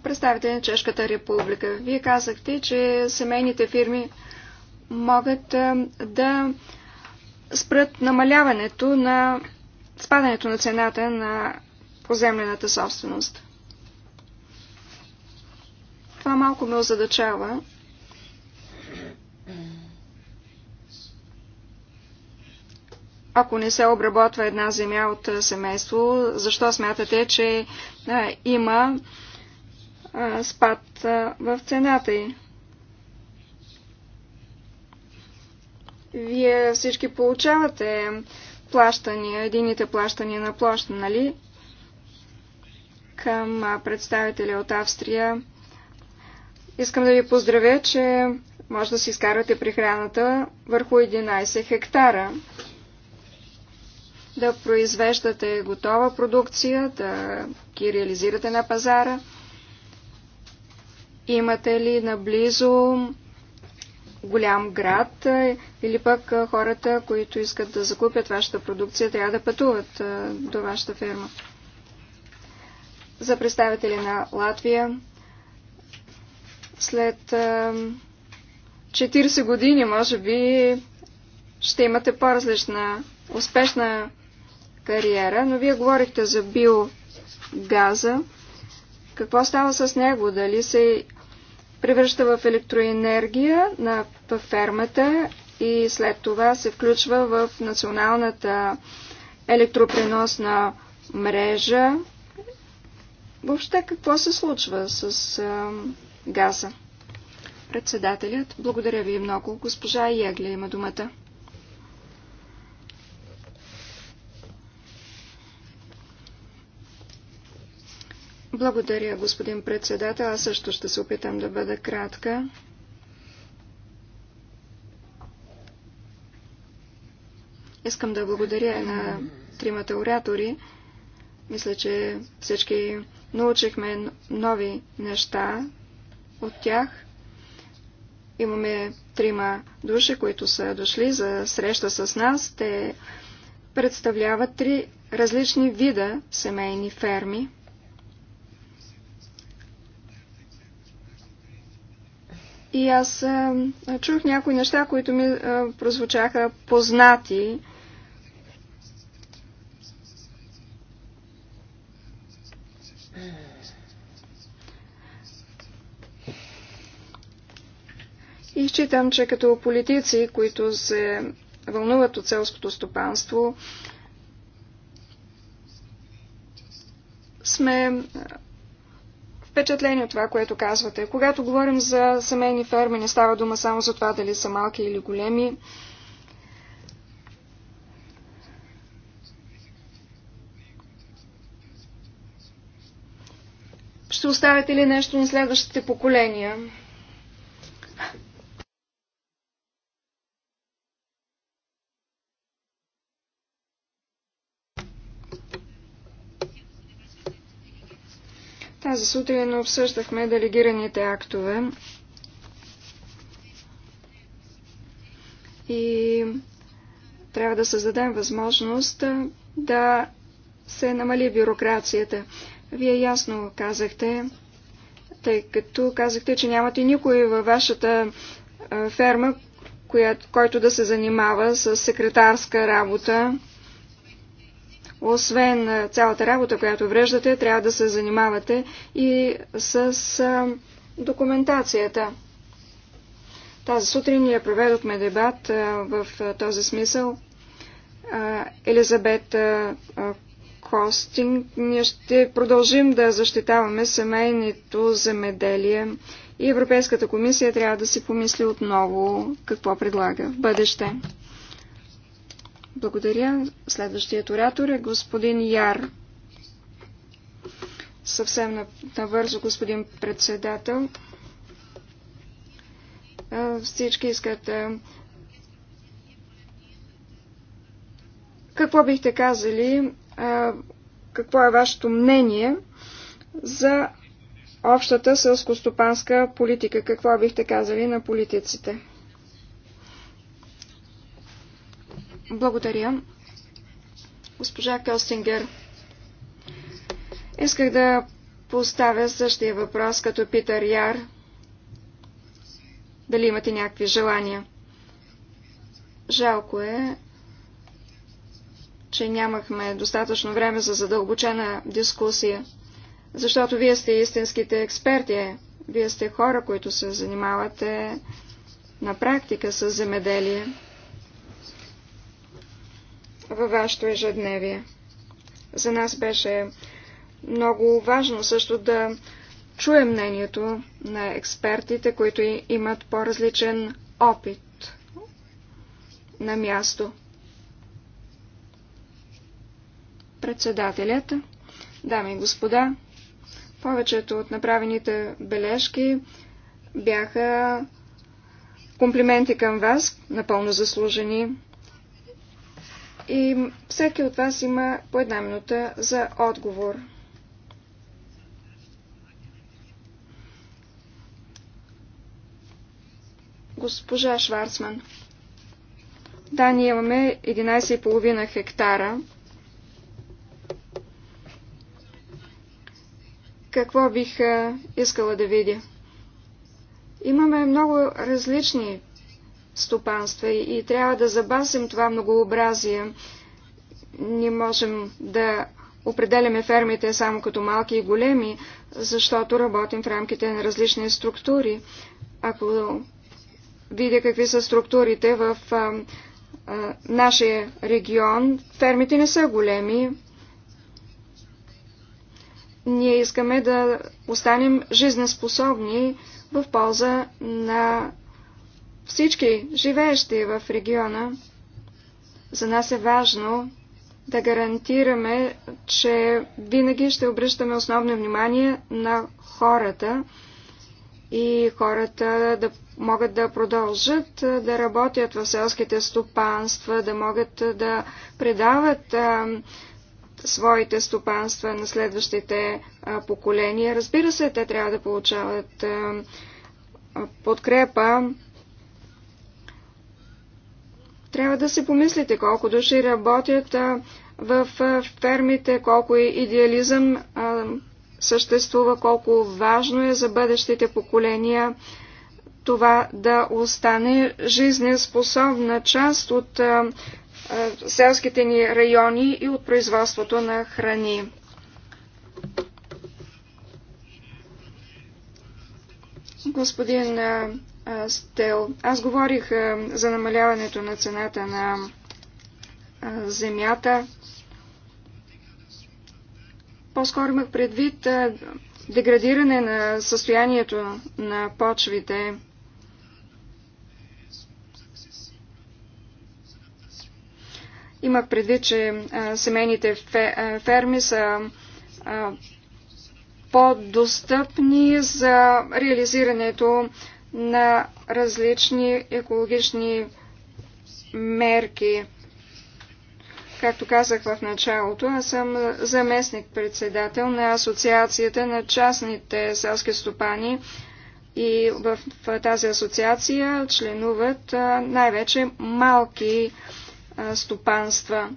представите на Чешката република. Вие казахте, че семейните фирми могат да спрат намаляването на спадането на цената на поземлената собственост. Това малко ме озадачава. Ако не се обработва една земя от семейство, защо смятате, че а, има а, спад а, в цената й? Вие всички получавате плащания, едините плащания на площ, нали? Към представителя от Австрия. Искам да ви поздравя, че може да си изкарате прехраната върху 11 хектара. Да произвеждате готова продукция, да ги реализирате на пазара. Имате ли наблизо голям град е, или пък е, хората, които искат да закупят вашата продукция, трябва да пътуват е, до вашата ферма. За представители на Латвия, след 40 години, може би, ще имате по-различна успешна кариера, но вие говорихте за биогаза. Какво става с него? Дали се превръща в електроенергия на във фермата и след това се включва в националната електропреносна мрежа. Въобще какво се случва с а, газа? Председателят, благодаря ви много. Госпожа Ягля има думата. Благодаря, господин председател. Аз също ще се опитам да бъда кратка. Искам да благодаря на тримата оратори. Мисля, че всички научихме нови неща от тях. Имаме трима души, които са дошли за среща с нас. Те представляват три различни вида семейни ферми. И аз а, чух някои неща, които ми а, прозвучаха познати. И считам, че като политици, които се вълнуват от селското стопанство, сме впечатлени от това, което казвате. Когато говорим за семейни ферми, не става дума само за това дали са малки или големи. Ще оставите ли нещо на следващите поколения? Тази сутрин обсъждахме делегираните актове и трябва да създадем възможност да се намали бюрокрацията. Вие ясно казахте, тъй като казахте, че нямате никой във вашата ферма, която, който да се занимава с секретарска работа освен цялата работа, която връждате, трябва да се занимавате и с документацията. Тази сутрин ние проведохме дебат в този смисъл. Елизабет Костинг, ние ще продължим да защитаваме семейното земеделие и Европейската комисия трябва да си помисли отново какво предлага в бъдеще. Благодаря. Следващият оратор е господин Яр. Съвсем навързо, господин председател. Всички искат. Какво бихте казали? Какво е вашето мнение за общата селскостопанска политика? Какво бихте казали на политиците? Благодаря. Госпожа Костингер, исках да поставя същия въпрос като Питър Яр. Дали имате някакви желания? Жалко е, че нямахме достатъчно време за задълбочена дискусия, защото вие сте истинските експерти, вие сте хора, които се занимавате на практика с земеделие във вашето ежедневие. За нас беше много важно също да чуем мнението на експертите, които имат по-различен опит на място. Председателят, дами и господа, повечето от направените бележки бяха комплименти към вас, напълно заслужени. И всеки от вас има по една минута за отговор. Госпожа Шварцман. Да, ние имаме 11,5 хектара. Какво бих искала да видя? Имаме много различни стопанства и, и трябва да забасим това многообразие. Не можем да определяме фермите само като малки и големи, защото работим в рамките на различни структури. Ако видя какви са структурите в а, а, нашия регион, фермите не са големи. Ние искаме да останем жизнеспособни в полза на всички живеещи в региона. За нас е важно да гарантираме, че винаги ще обръщаме основно внимание на хората и хората да могат да продължат да работят в селските стопанства, да могат да предават а, своите стопанства на следващите а, поколения. Разбира се, те трябва да получават а, подкрепа трябва да си помислите колко души работят в фермите, колко е идеализъм съществува, колко важно е за бъдещите поколения това да остане жизнеспособна част от селските ни райони и от производството на храни. Господин стел. Аз говорих е, за намаляването на цената на е, земята. По-скоро имах предвид е, деградиране на състоянието на почвите. Имах предвид, че семейните ферми са по-достъпни за реализирането на различни екологични мерки. Както казах в началото, аз съм заместник-председател на Асоциацията на частните селски стопани и в тази асоциация членуват най-вече малки стопанства.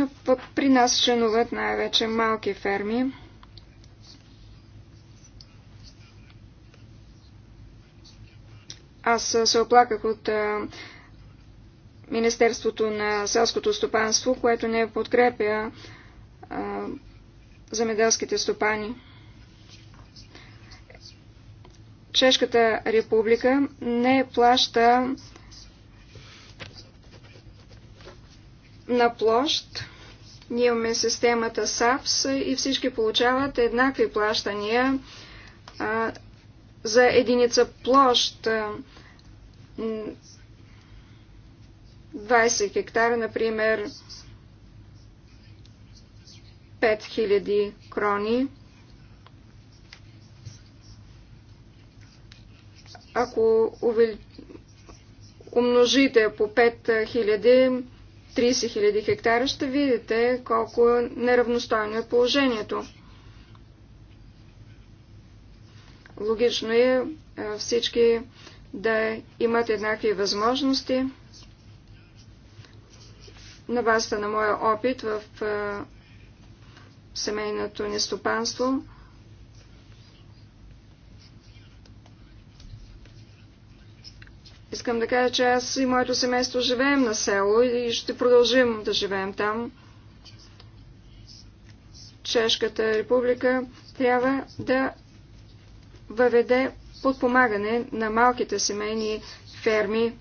Но при нас членуват най-вече малки ферми. Аз се оплаках от Министерството на селското стопанство, което не подкрепя земеделските стопани. Чешката република не плаща на площ ние имаме системата САПС и всички получават еднакви плащания за единица площ. 20 хектара, например, 5000 крони. Ако умножите по 5000, 30 000 хектара, ще видите колко е неравностойно е положението. Логично е всички да имат еднакви възможности. На базата на моя опит в семейното ни стопанство – Искам да кажа, че аз и моето семейство живеем на село и ще продължим да живеем там. Чешката република трябва да въведе подпомагане на малките семейни ферми.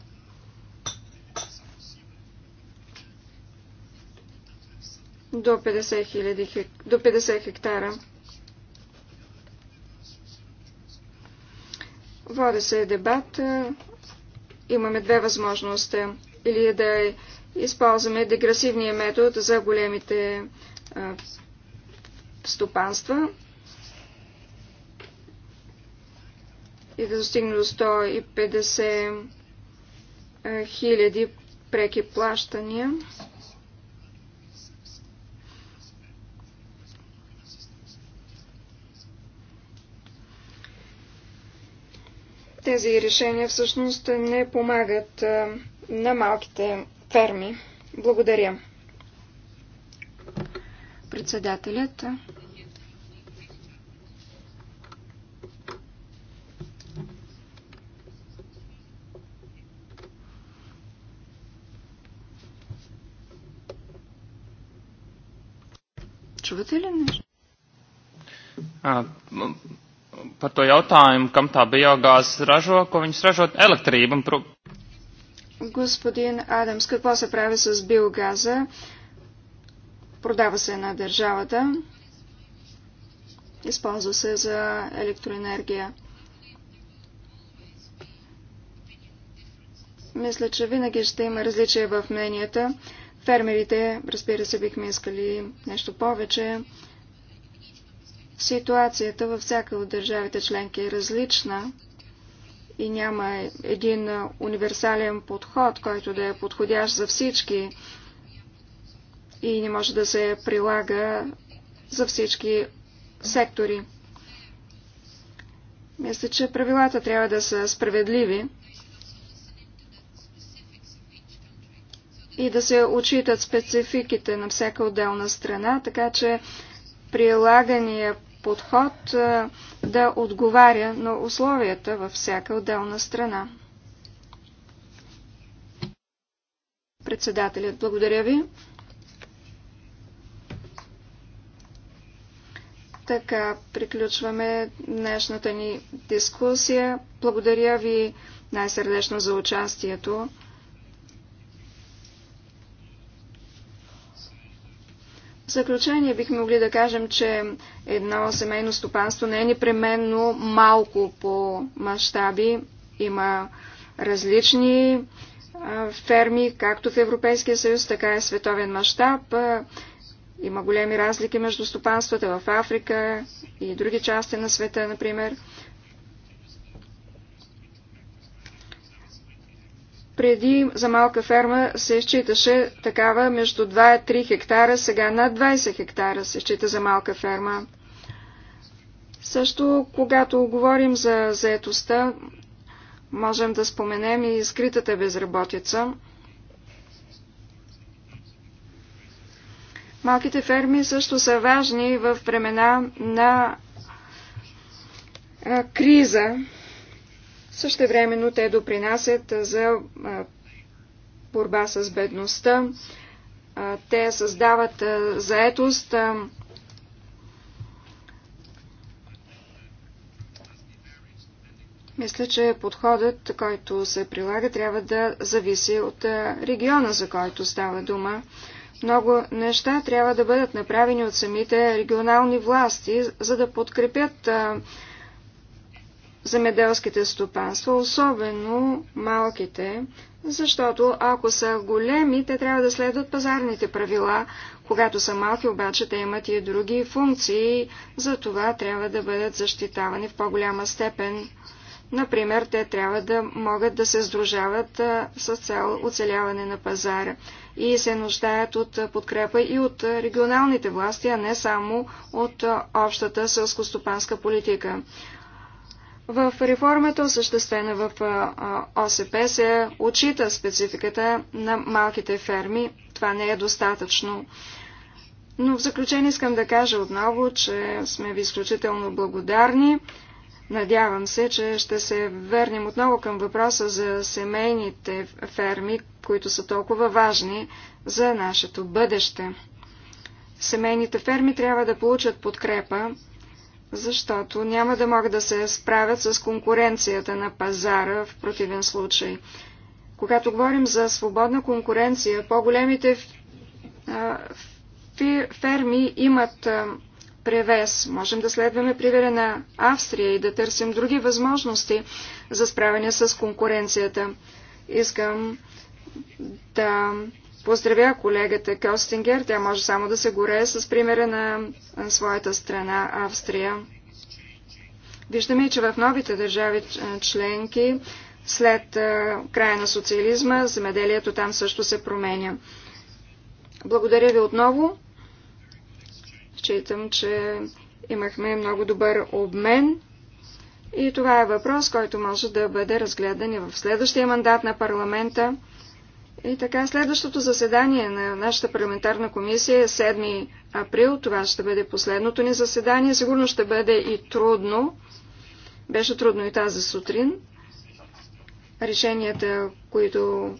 До 50, хиляди, до 50 хектара. Води се дебат имаме две възможности. Или да използваме дегресивния метод за големите а, стопанства и да достигне до 150 хиляди преки плащания. Тези решения всъщност не помагат на малките ферми. Благодаря. Председателят. Чувате ли нещо? par to jautājumu, kam tā biogāze ražo, ko viņas ražo elektrību. Господин Адамс, какво се прави с биогаза? Продава се на държавата. Използва се за електроенергия. Мисля, че винаги ще има различия в мненията. Фермерите, разбира се, бихме искали нещо повече. Ситуацията във всяка от държавите членки е различна и няма един универсален подход, който да е подходящ за всички и не може да се прилага за всички сектори. Мисля, че правилата трябва да са справедливи и да се учитат спецификите на всяка отделна страна, така че прилагания подход да отговаря на условията във всяка отделна страна. Председателят, благодаря ви. Така приключваме днешната ни дискусия. Благодаря ви най-сърдечно за участието. В заключение бихме могли да кажем, че едно семейно стопанство не е непременно малко по мащаби. Има различни ферми, както в Европейския съюз, така и световен мащаб. Има големи разлики между стопанствата в Африка и други части на света, например. Преди за малка ферма се считаше такава между 2-3 хектара, сега над 20 хектара се счита за малка ферма. Също, когато говорим за заетостта, можем да споменем и скритата безработица. Малките ферми също са важни в времена на криза. Същевременно те допринасят за борба с бедността. Те създават заетост. Мисля, че подходът, който се прилага, трябва да зависи от региона, за който става дума. Много неща трябва да бъдат направени от самите регионални власти, за да подкрепят земеделските стопанства, особено малките, защото ако са големи, те трябва да следват пазарните правила. Когато са малки, обаче те имат и други функции, за това трябва да бъдат защитавани в по-голяма степен. Например, те трябва да могат да се сдружават с цел оцеляване на пазара и се нуждаят от подкрепа и от регионалните власти, а не само от общата сълскостопанска политика. В реформата, осъществена в ОСП, се отчита спецификата на малките ферми. Това не е достатъчно. Но в заключение искам да кажа отново, че сме ви изключително благодарни. Надявам се, че ще се вернем отново към въпроса за семейните ферми, които са толкова важни за нашето бъдеще. Семейните ферми трябва да получат подкрепа, защото няма да могат да се справят с конкуренцията на пазара в противен случай. Когато говорим за свободна конкуренция, по-големите ферми имат превес. Можем да следваме примера на Австрия и да търсим други възможности за справяне с конкуренцията. Искам да Поздравя колегата Костингер. Тя може само да се горее с примера на своята страна Австрия. Виждаме, че в новите държави членки след края на социализма земеделието там също се променя. Благодаря ви отново. Считам, че имахме много добър обмен и това е въпрос, който може да бъде разгледан и в следващия мандат на парламента. И така, следващото заседание на нашата парламентарна комисия е 7 април. Това ще бъде последното ни заседание. Сигурно ще бъде и трудно. Беше трудно и тази сутрин. Решенията, които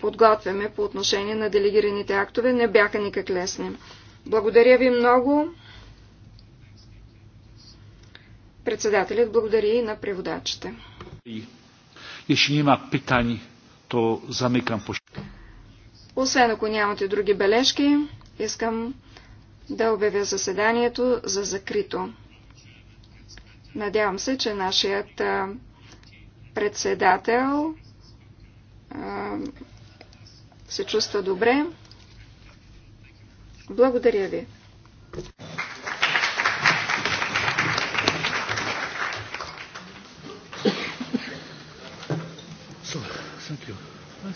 подготвяме по отношение на делегираните актове, не бяха никак лесни. Благодаря ви много. Председателят благодари и на преводачите. Jeśli nie ma то замикам по... Освен ако нямате други бележки, искам да обявя заседанието за закрито. Надявам се, че нашият председател се чувства добре. Благодаря ви.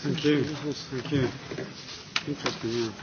Thank you. Thank you. Interesting, yeah.